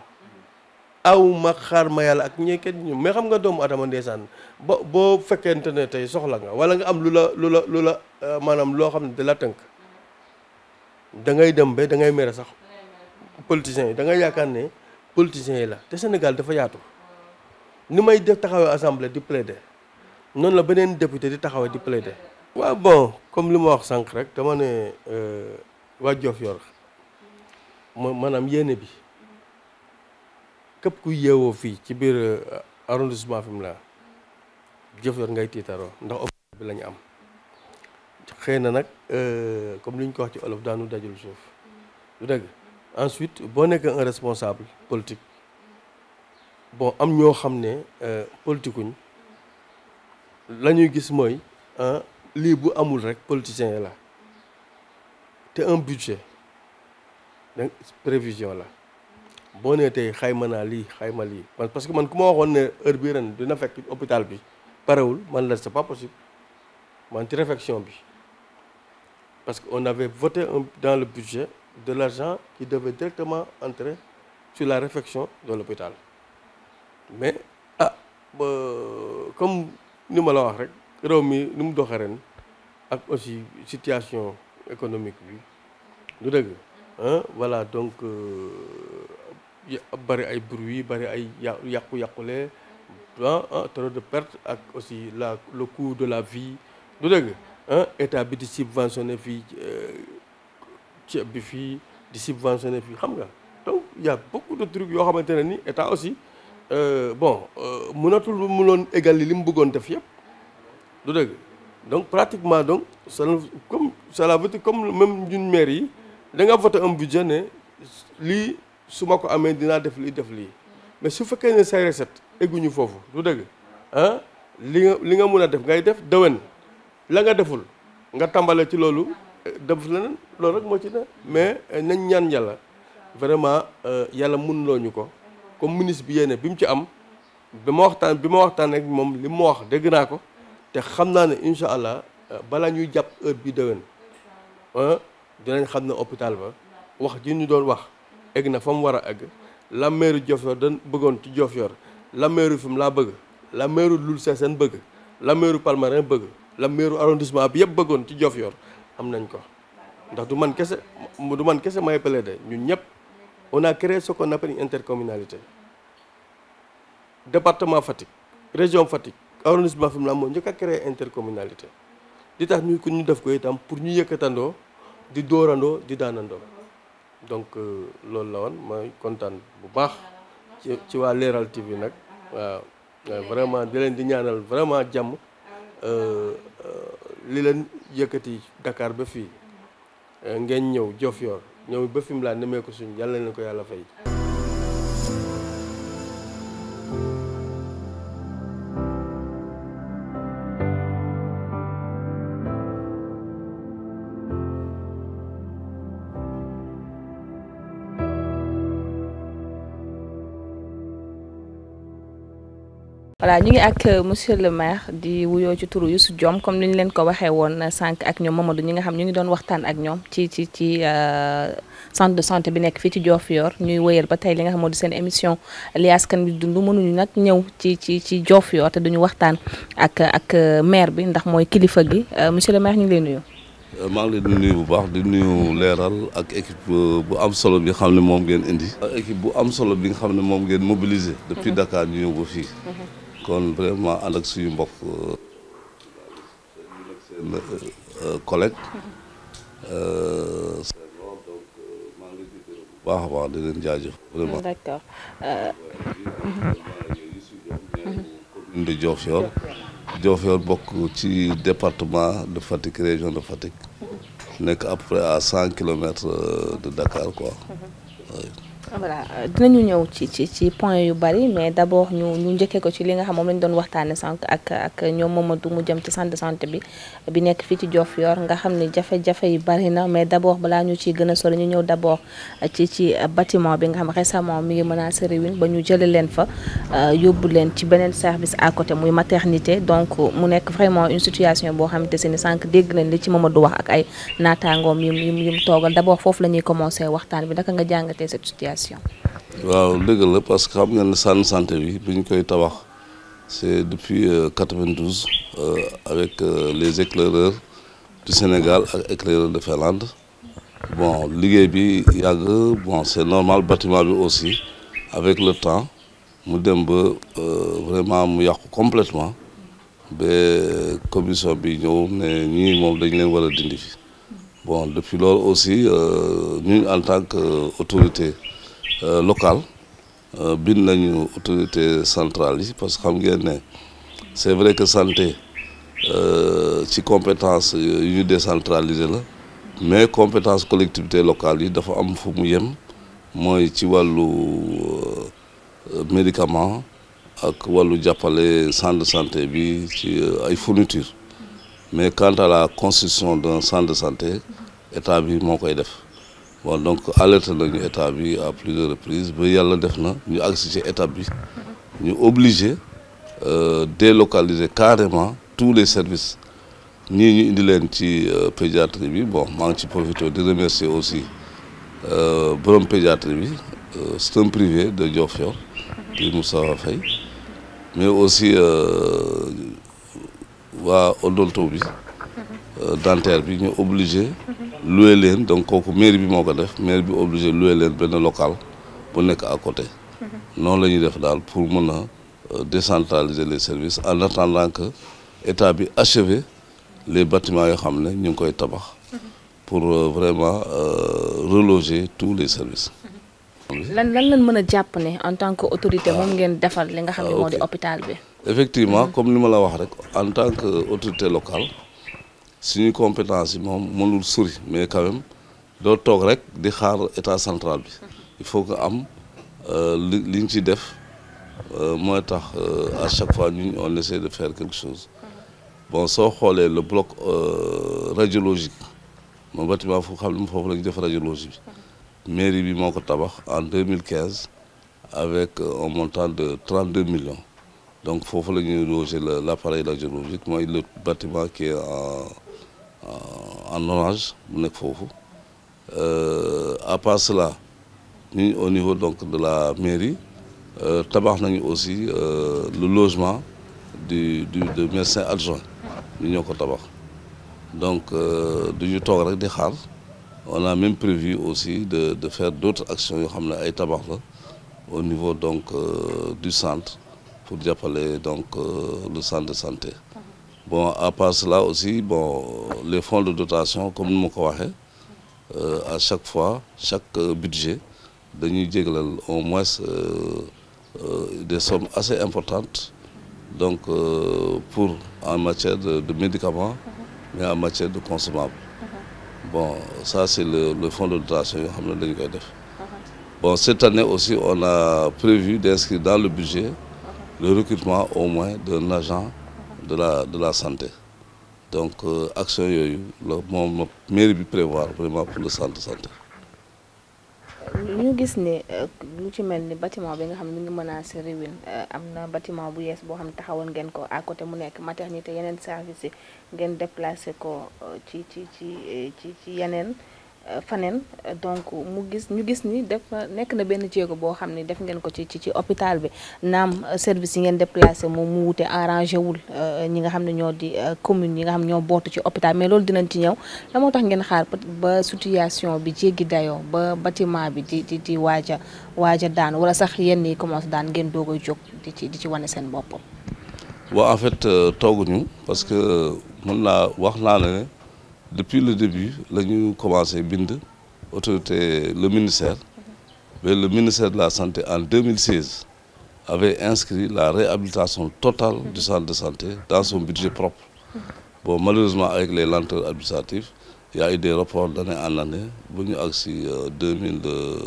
aw ma xaar ma yàlla ak ñeeket ñu mais xam nga doomu adama ndeysaan ba boo fekkente ne tey soxla nga wala nga am lu la lu la lu la euh, maanaam loo xam ne da la tënk da ngay dem ba dangay ngay mere sax politiciens yi da ngay yaakaar ne politiciens yi la te Sénégal dafa yaatu ni may def taxawee assemblée di plaider noonu la beneen député di taxawee di plaider. waaw bon comme li ma wax sànq rek dama ne euh, waa Diofior maanaam yéene bi. képp ku yeewoo fii ci biir euh, arrondissement Fimela jëf yor ngay tiitaroo ndax opportunité bi la ñu am xëy na nag euh, comme li ko wax ci olof daanu dajul suuf du dëgg ensuite boo nekkee un responsable politique bo am ñoo xam ne euh, politikuñ la ñuy gis mooy ah, lii bu amul rek politicien yi la te un budget prévision la boo nee tey xayma naa lii xayma lii man parce que man ku ma waxoon ne heure bii ren na fekk hôpital bi parewul man la sa pas possible man ci réflexion bi parce que on avait voté dans le budget de l'argent qui devait directement entrer sur la reflexion de l'hôpital mais ah comme ni ma la wax rek réew mi ni mu doxee ren ak aussi situation économique bi du dëgg voilà donc euh, bari ay bruit bari ay yàqu-yàqule ah, ah trop de perte ak aussi la le coût de la vie du dëgg ah état bi di subventionné fii euh, ceeb bi fii di subventionné fi xam nga donc y beaucoup de trucs yoo xamante ne ni état aussi euh, bon euh, mënatul mënoon égal li mu bëggoon def yëpp du dëgg donc pratiquement donc comme cela veut comme même ñun maire yi da nga voté un ne lii su ma ko amee dinaa def lii def lii mais su fekkee ne say recette egguñu foofu du dëgg ah, li nga li nga mun a def ngay def dëwén la nga deful nga tàmbale ci loolu def leneen loolu rek moo ci ne mais eh, nañ ñaan yàlla vraiment eh, yàlla munu loo ñu ko comme ministre bi yéene bi mu ci am bi ma waxtaan bi ma waxtaan rek moom li mu wax dégg naa ko te xam naa ne incha allah eh, balaa ñuy jàpp heure bi déwén ah, dinañ xam ne hôpital ba wax ji ñu doon wax egg na fa mu war a egg la meeru Diofior dañ bëggoon ci Diofior la meeru Fimela laa bëgg la meeru Loul Sessène bëgg la meeru Palmarin bëgg la meeru arrondissement bi yëpp bëggoon ci Diofior am nañ ko ndax du man kese du man kese may plaider ñun ñëpp on a créé ce qu'on appelle une intercommunalité département Fatick région Fatick arrondissement Fimela moo njëkk a créé intercommunalité li tax ñu ku ñu def ko itam pour ñu yëkkatandoo di doorandoo di daanandoo donc euh, loolu la woon ma kontaan bu baax ci ci waa Leral TV nag waaw euh, vraiment di leen di ñaanal vraiment jàmm euh, li leen yëkkati Dakar ba fii ngeen ñëw jof Diofior ñëw ba fi mu laa nemee ko suñu yàlla na ko yàlla fay voilà ñu ngi ak euh, monsieur le maire di wuyoo ci turu Youssou Diome comme ni ñu leen ko waxee woon euh, sànq ak ñoom Mamadou ñi nga xam ñu ngi doon waxtaan ak ñoom ci ci ci euh, centre de santé bi nekk fii ci Diofior ñuy wëyal ba tey li nga xam moo di seen émission li askan bi dund mënuñu nag ñëw ci ci ci Diofior te duñu waxtaan ak ak maire bi ndax mooy kilifa gi monsieur le maire ñu ngi lay nuyu. maa ngi leen di nuyu bu baax di nuyu leeral ak équipe bu am solo bi nga xam ne moom ngeen indi. ak équipe bu am solo bi nga xam ne moom ngeen mobiliser. depuis mhm. Dakar ñu ñëw ba fii. Mhm. kon vraiment ànd ak suñu mbokk euh, seen euh, collègue euh, sernon donc maa ngi di vraiment de Diofior Diofior bokk ci département de Fatick région de Fatick nekk à peu près à cent kilomètres de Dakar quoi mhm. voilà dinañu ñëw ci ci ci point yu bari mais d'abord ñu ñu njëkkee ko ci li nga xam moom lañ doon waxtaanee sànq ak ak ñoom Mamadou mu jëm ci centre de santé bi bi nekk fii ci jof Diofior nga xam ne jafe-jafe yi bari na mais d'abord balaa ñu ciy gën a solo ñu ñëw d'abord ci ci bâtiment bi nga xam récemment mi ngi menacé ruine ba ñu jëlee leen fa euh, yóbbu leen ci beneen service à côté muy maternité donc mu nekk vraiment une situation boo xamante ne sànq dégg nañ li ci Mamadou wax ak ay naataangoom yim yim yim toogal d'abord la ñuy commencer waxtaan bi naka nga jàngatee cette situation. waaw dëgg la parce que xam sànn santé bi bi ñu koy tabax c'est depuis 92 euh, euh, avec euh, les éclaireurs Sénégal ak éclaireurs de Finlande bon liggéey bi yàgg bon c'est normal bâtiment bi aussi avec le temps mu dem ba vraiment mu yàqu complètement ba commission bi ñëw ne ñii moom dañ leen war a dindi fi bon depuis loolu aussi ñun en tant que autorité Euh, locale euh, bind nañu autorité centrale yi parce que xam ngeen ne c'est vrai que santé euh, ci compétence yu ñu décentralisé la mais compétence collectivité locale yi dafa am fu mu yem mooy ci wàllu médicament ak wàllu jàppale centre de santé bi ci ay fourniture mais quant à la constitution d'un centre de santé état bi moo koy def bon donc alerte nañu état bi à plusieurs reprises ba yàlla def na ñu agsi ci étape bi ñu obligé euh, délocaliser carrément tous les services ñii ñu indi leen ci euh, pédiatrie bi bon maa ngi ci profité di remercier aussi euh, borom pédiatrie bi c'est un privé de Diofior di Moussa fay mais aussi waa odonto bi dentaire bi ñu obligé loué leen donc kooku mairie bi moo ko def mairie bi obligé loué leen benn local bu nekk a côté mhm. noonu la ñuy def daal pour mën a euh, décentraliser les services en attendant que état bi achever les bâtiments yoo xam ne ñu ngi koy tabax mhm. pour euh, vraiment euh, reloger tous les services mhm. lan lan lan mën a jàpp ne en tant que autorité moom ngeen defar li nga xam ne ah, moo di hôpital bi effectivement comme ni ma la wax rek en tant que autorité locale suñu compétence yi moom mënul sori mais quand doo toog rek di xaar état central bi il faut que am euh, li li ñu ci def euh, mooy tax euh, à chaque fois ñu on essaie de faire quelque chose bon soo xoolee le bloc radiologique moom bâtiment foo xam ne foofu la ñu def radiologie bi mairie bi moo ko tabax en 2015 avec un montant de trent 32 millions donc foofu la ñuy loger l'appareil radiologique mooy le bâtiment qui est en Euh, en orange mu nekk foofu euh, à part cela ni au niveau donc de la mairie euh, tabax nañu aussi le logement du du de médecin adjoint ñu ñoo ko tabax donc du ñu toog rek di xaar on a même prévu aussi de de faire d'autres actions yoo xam ne ay tabax la au niveau donc du centre pour jàppale donc le centre de santé bon à part cela aussi bon les fonds de dotation comme ni ma ko waxee euh, à chaque fois chaque euh, budget dañuy jégalal au moins euh, des sommes assez importantes donc pour en matière de, de médicaments mais en matière de consommables bon ça le, le fonds de yoo xam ne dañu koy def bon cette année aussi on a prévu d'inscrire dans le budget le recrutement au moins d'un agent de la de la santé donc euh, action yooyu la moom mairie bi prévoir vraiment pour le centre santé. ñu gis ne euh, lu ci mel ni batiment bi nga xam ne mi ngi menacé ruine euh, am na batiment bu yees boo xam ne taxawal ngeen ko à côté mu nekk maternité yeneen service yi ngeen déplacé ko ci ci ci ci ci yeneen. faneen donc mu gis ñu gis ni def nekk na benn jéego boo xam ne def ngeen ko ci ci ci hôpital bi naam service yi ngeen déplacé moom mu wute arrangé wul euh, ñi nga xam ne ñoo di euh, commune yi nga ñoo bootu ci hôpital mais loolu dinañ ci ñëw la tax ngeen xaar ba situation bi jéggi dayoo ba bâtiment bi di di di waaj a waaj daan wala sax yenn yi commencé daan ngeen doog a jóg di ci di ci wane seen bopp. waaw en fait euh, tooguñu parce que mën naa wax naa ne. depuis le début la ñu commencé bind autorité le ministère mais le ministère de la santé en 2016 avait inscrit la réhabilitation totale du centre de santé dans son budget propre bon malheureusement avec les lenteurs administratives il y a eu des reports d'année en année ba ñu àgg si euh, deux mille euh,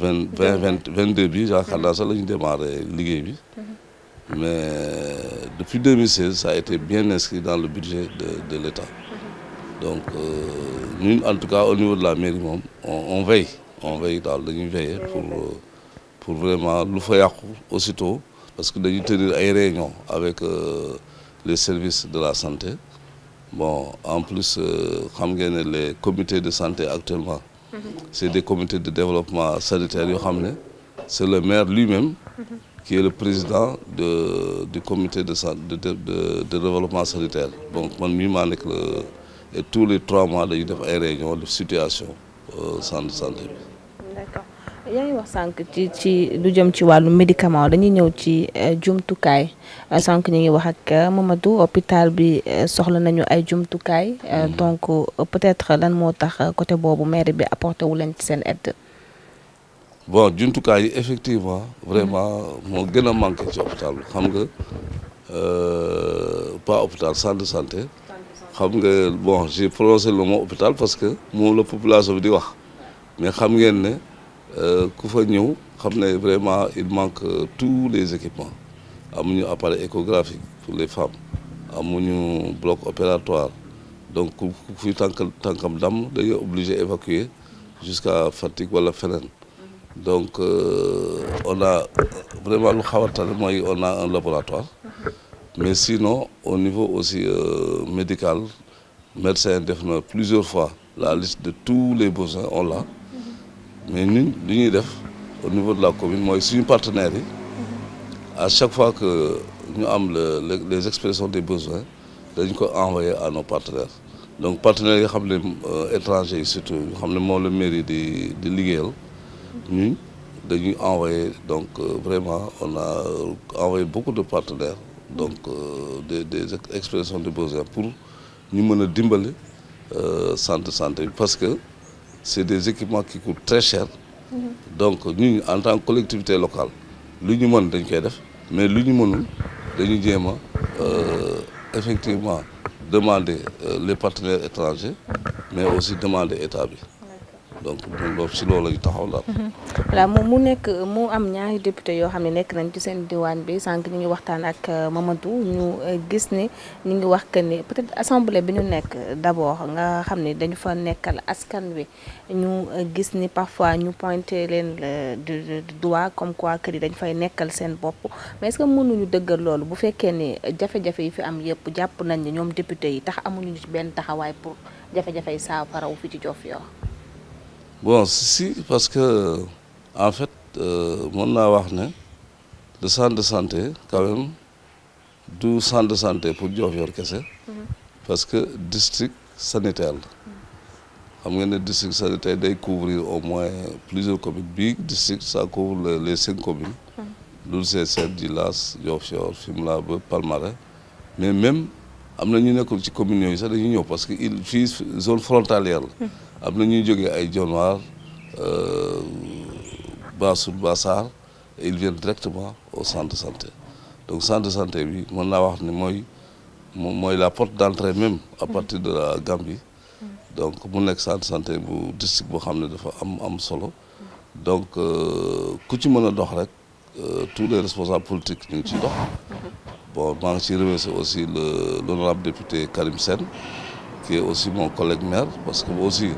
vingt vingt vingt deux bi yaakaar naa sax la ñu démarré liggéey bi mais euh, depuis 2016 ça a été bien inscrit dans le budget de l'État donc euh, ñun en tout cas au niveau de la mairie moom on veille on veille daal dañuy veiller pour euh, pour vraiment lu fa yàqu aussitôt parce que dañuy tenir ay réunion avec euh, les services de la santé bon en plus xam ngeen ne les comités de santé actuellement mhm. c'est des comités de développement sanitaire yoo xam ne c'est le maire lui-même mhm. qui est le président de du comité de de de, de développement sanitaire donc man mii maa le et tous les trois mois def ay réunion de situation centre santé bi. d'accord yaa ngi wax sànq ci ci lu jëm ci wàllu médicament dañuy ñëw ci euh, jumtukaay euh, sànq ñu ngi wax ak euh, Mamadou hôpital bi soxla nañu ay jumtukaay mm-hmm. donc peut-être lan moo tax côté boobu maire bi apporté wu leen ci seen aide. bon jumtukaay yi effectivement vraiment moo gën a manqué ci hôpital bi xam nga pas hôpital centre santé. xam nga bon j'ai prononcé le mot hôpital parce que moom la population bi di wax mais xam ngeen ne euh, ku fa ñëw xam ne vraiment il manque euh, tous les équipements amuñu appareil échographique pour les femmes amuñu bloc opératoire donc ku fi tànkal tànkam dam dañuy obligé évacuer jusqu'à Fatick wala feneen donc euh, on a vraiment lu xaw a tane mooy on a un laboratoire mais sinon au niveau aussi euh, médical médecin def na plusieurs fois la liste de tous les besoins on l'a mais ñun li ñuy def au niveau de la commune mooy suñu partenaire yi à chaque fois que ñu am le les expressions des besoins dañ ko envoyé à nos partenaires donc partenaires yi xam ne euh, étrangers yi surtout ñu xam ne moom le mairie di di liggéeyal ñun dañuy envoyé donc euh, vraiment on a euh, envoyé beaucoup de partenaires donc euh, des des expressions de besoins pour ñu mën a dimbali euh, centre santé bi parce que c'est des équipements qui coûtent très cher. Mm-hmm. donc ñu en tant que collectivité locale lu ñu mën dañ koy def mais lu ñu mënul dañu jéem a euh, effectivement demander les partenaires étrangers mais aussi demander état bi. donc moom mhm. mu nekk mu am ñaari député yoo xam ne nekk nañ ci seen diwaan bi sànq ñu ngi waxtaan ak euh, Mamadou ñu euh, gis ni ñu ngi wax que ni peut-être assemblée bi ñu nekk d'abord nga xam ni dañu fa nekkal askan wi ñu euh, gis ni parfois ñu pointé leen du doigt comme quoi que dañ fay nekkal seen bopp mais est que mënuñu dëggal loolu bu fekkee ni jafe-jafe yi fi am yëpp jàpp nañ ne ñoom député yi tax amuñu ci benn taxawaay pour jafe-jafe yi wu fi ci Diofior bon si parce que en fait euh, mën naa wax ne le centre de santé quand même du centre de santé pour Diofior kese parce que district sanitaire la xam nga ne district sanitaire day couvrir au moins plusieurs communes bi district ça couvre les, les cinq communes Loul Sessène Djilas Diofior Fimela ba Palmarin mais même am na ñu nekkul ci commune yooyu sax dañuy ñëw parce que il fii zone frontalière la am na ñuy jógee ay Dionewar euh, Bansoul Bassar ils viennent directement au centre de santé donc centre de santé bi mën naa wax ni mooy mooy la porte d'entrée même à partir de la Gambie donc mu nekk centre de santé bu district boo xam ne dafa am am solo donc euh, ku ci mën a dox rek euh, tous les responsables politiques ñu ngi ciy dox bon maa ngi ciy remercier aussi le l'honorable député Karim Sène qui aussi mon collègue maire parce que aussi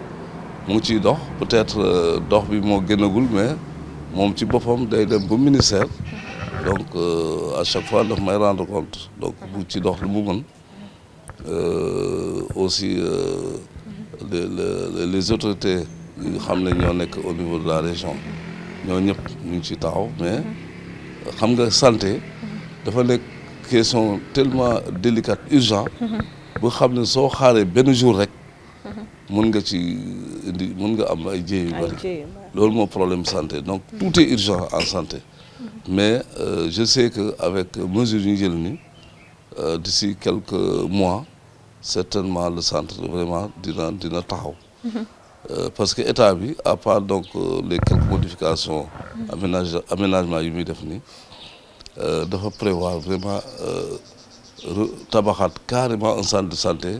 mu ngi ciy dox peut-être euh, dox bi moo génnagul mais moom ci boppam day dem ba ministère donc euh, à chaque fois daf may rendre compte donc bu ci dox lu mu mën euh, aussi les les autorités yi nga xam ne ñoo nekk au niveau de la région ñoo ñëpp ñu ngi ci taxaw mais xam nga santé dafa nekk question tellement délicate urgent mm-hmm. bu xam ne soo xaaree benn jour rek mm-hmm. mun nga ci indi mun nga am ay jéey yu loolu moo problème santé donc mm-hmm. tout est urgent en santé mm-hmm. mais euh, je sais que avec mesure ñu jël ni si euh, quelques mois certainement le centre vraiment dina dina taxaw mm-hmm. euh, parce que état bi à part donc euh, les quelques modifications aménage aménagement yi muy def ni dafa prévoir vraiment tabaxaat carrément un centre de santé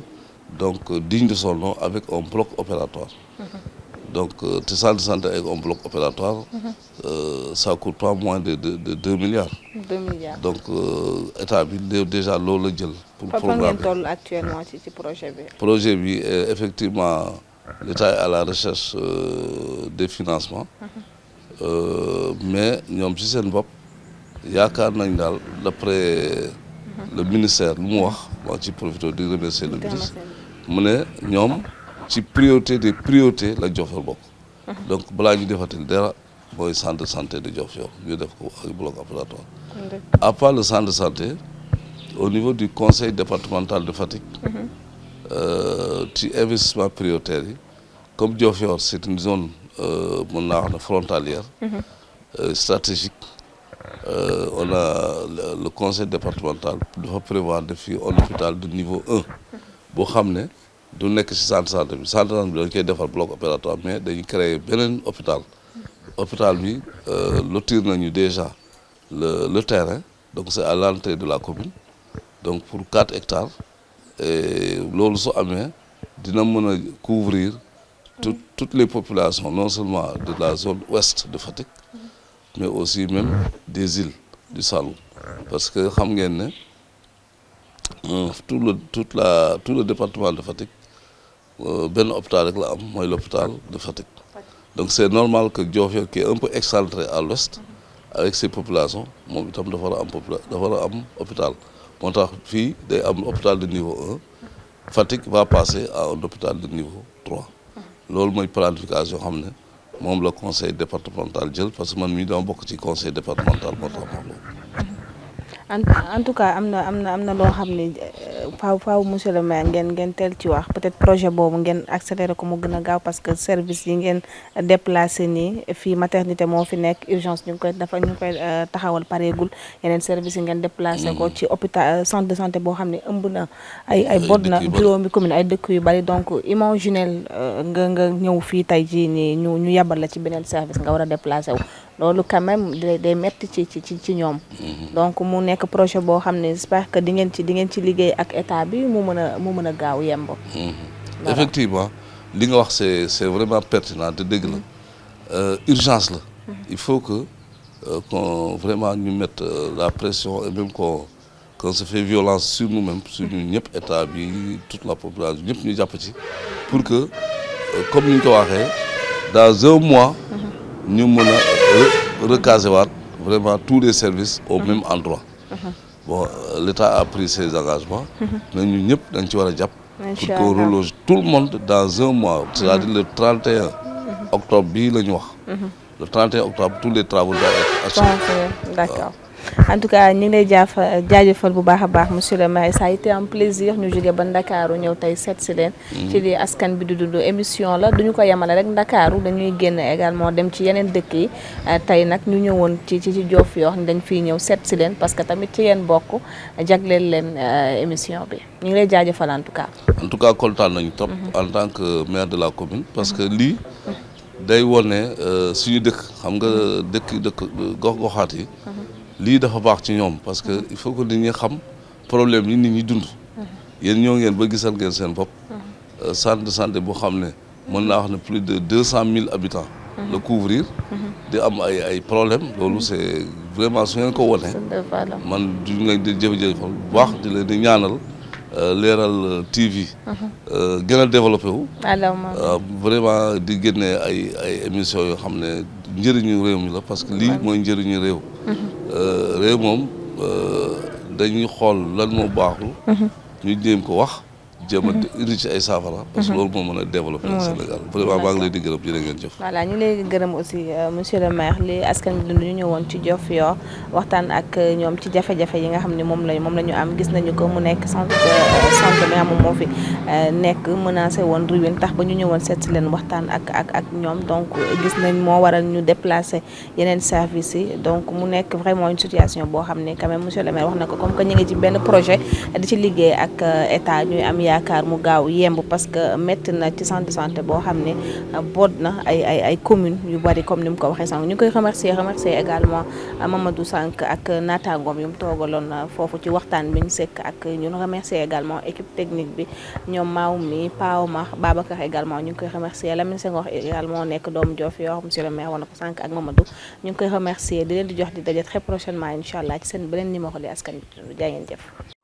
donc euh, digne de son avec un bloc opératoire. Mm-hmm. donc euh, te centre de santé avec un bloc opératoire. Mm-hmm. Euh, ça coûte moins de de de deux milliards. donc état bi déjà loolu la jël. pour programme ngeen toll projet bi. effectivement l'état est à la recherche de financement mm-hmm. mais ñoom ci seen bopp yaakaar nañ daal d'après le ministère lu mu wax maa ci profité di remercier le ministre. mu ne ñoom ci priorité des priorités la Diofior bokk. Mhm. donc balaa ñu defatil dara mooy centre de santé de Diofior ñu def ko ak bloc opératoire. à le centre de santé au niveau du conseil départemental de Fatick. Mhm. Euh, ci investissement prioritaire yi comme Diofior c' est une zone euh, mën naa wax frontalière. Mhm. Euh, stratégique. a le, le conseil départemental doit prévoir de faire un hôpital de niveau 1 boo xam ne du nekk si centre santé bi centre santé bi dañ koy defar bloc opératoire mais dañu créer beneen hôpital hôpital bi euh, lotir nañu déjà le le terrain donc c'est à l'entrée de la commune donc pour quatre hectares et loolu su amee dina mën a couvrir tout toutes les populations non seulement de la zone ouest de Fatick mais aussi même des îles du Saloum parce que xam ngeen ne Euh, tout le toute la tout le département de Fatick euh, benn hôpital rek la am mooy l'hôpital de Fatick donc c'est normal que Diofior qui est à l'ouest avec ses populations moom itam dafa war a am popula dafa war a am hôpital moo tax fii day am hôpital de niveau un Fatick va passer à un hôpital de niveau trois loolu mooy planification xam ne moom la conseil départemental jël parce que man mii dama bokk ci conseil départemental moo tax en tout cas am na am na am na loo xam ne euh, faaw faaw monsieur le maire ngeen ngeen ci wax peut-être projet boobu ngeen accéléré ko mu gën a gaaw parce que service yi ngeen déplacé nii fii maternité moo fi nekk urgence ñu ngi koy dafa ñu ngi koy euh, taxawal pareegul yeneen service yi ngeen déplacé ko mm. ci hôpital euh, centre de santé boo xam ne ëmb na ay ay bod na juróomi commune ay dëkk yu bari donc imaginel nga nga ñëw fii tey jii nii ñu ñu yabal la ci beneen service nga war a déplacé wu loolu quand même day metti ci ci ci ñoom. Mm-hmm. donc mu nekk projet boo xam ne j'espère que di ngeen ci di ngeen ci liggéey ak état bi mu mën a mu mën a gaaw yemb. Mm-hmm. effectivement li nga wax c'est c'est vraiment pertinent te dégg la euh, urgence la. Mm-hmm. il faut que euh, qu'on vraiment ñu mette euh, la pression et même qu'on qu'on se fait violence sur nous-mêmes sur ñun ñëpp état bi toute la population ñëpp ñu jàpp ci pour que comme ñu ko waxee dans un mois. ñu mën a recaser waat vraiment tous les services au même endroit uh-huh. bon euh, l'État a pris ses engagements uh-huh. mais ñu ñëpp dañ ci war a jàpp pour qu'on reloge tout le monde dans un mois c'est-à-dire le 31 uh-huh. octobre bii la ñu wax le 31 octobre tous les travaux doivent être achevés en tout cas ñu lay jaaf jaajëfal bu baax a baax monsieur le maire ça a été un plaisir ñu jógee ba Ndakaaru ñëw tey seet si leen mm-hmm. ci li askan bi di dund émission la duñu ko yemale rek Ndakaaru dañuy génn également dem ci yeneen dëkk yi euh, tey nag ñu ñëwoon ci ci ci Joof yoo xam dañ fi ñëw seet si leen parce que tamit ci yeen bokk jagleel leen euh, émission bi ñu ngi lay jaajëfal en tout cas en tout cas kontaan nañu topp mm-hmm. en tant que maire de la commune parce que mm-hmm. lii day wone euh, suñu dëkk xam nga dëkk dëkk gox goxaat yi lii dafa baax ci ñoom parce que il faut que nit ñi xam problème yi nit ñi dund yéen ñoo ngeen ba gisal ngeen seen bopp euh, centre de santé boo xam ne mën naa wax ne plus de deux cent mille habitants la couvrir di am ay ay problème loolu c'est vraiment su ngeen ko wone man duñ leen di jëf-jëf bu baax di leen di ñaanal euh, leeral euh, TV. Mhm. gën a développé wu. vraiment di génne ay ay émissions yoo xam ne njëriñu réew mi la parce que lii mooy njëriñu réew. Mhm. Euh, réew moom euh, dañuy xool lan moo baaxul. Mhm. ñu jéem ko wax. jéem a indi ay saafara. parce mhm. ñu lay gërëm aussi euh, monsieur le maire li askan bi dund ñu ñëwoon ci Diofior waxtaan ak euh, ñoom ci jafe yi nga xam ne moom lañ moom la ñu am gis nañu ko mu nekk centre euh, centre bi nga xam moo fi nekk menacé woon ruine tax ba ñu ñëwoon seet leen waxtaan ak ak ak ñoom donc gis nañ moo waral ñu déplacé yeneen service yi donc mu nekk vraiment une boo xam ne quand même le maire wax na ko comme que ñu ngi ci benn projet di ci liggéey ak état ñuy am yaakaar mu gaaw yemb parce que métti na ci centre de santé boo xam ne euh, boot na ay ay ay commune yu bari comme ni mu ko waxee sànq ñu ngi koy remercier remercier également euh, Mamadou Sànk ak naataangoom yu mu toogaloon euh, foofu ci waxtaan bi ñu sekk ak ñun remercier également équipe technique bi ñoom maaw mi paaw ma Babacar également ñu ngi koy remercier Lamine Senghor également nekk doomu Joof yoo monsieur le maire wana ko sànq ak Mamadou ñu koy remercier di leen di jox di daje très prochainement incha allah ci seen beneen numéro li askan jaa ngeen jëf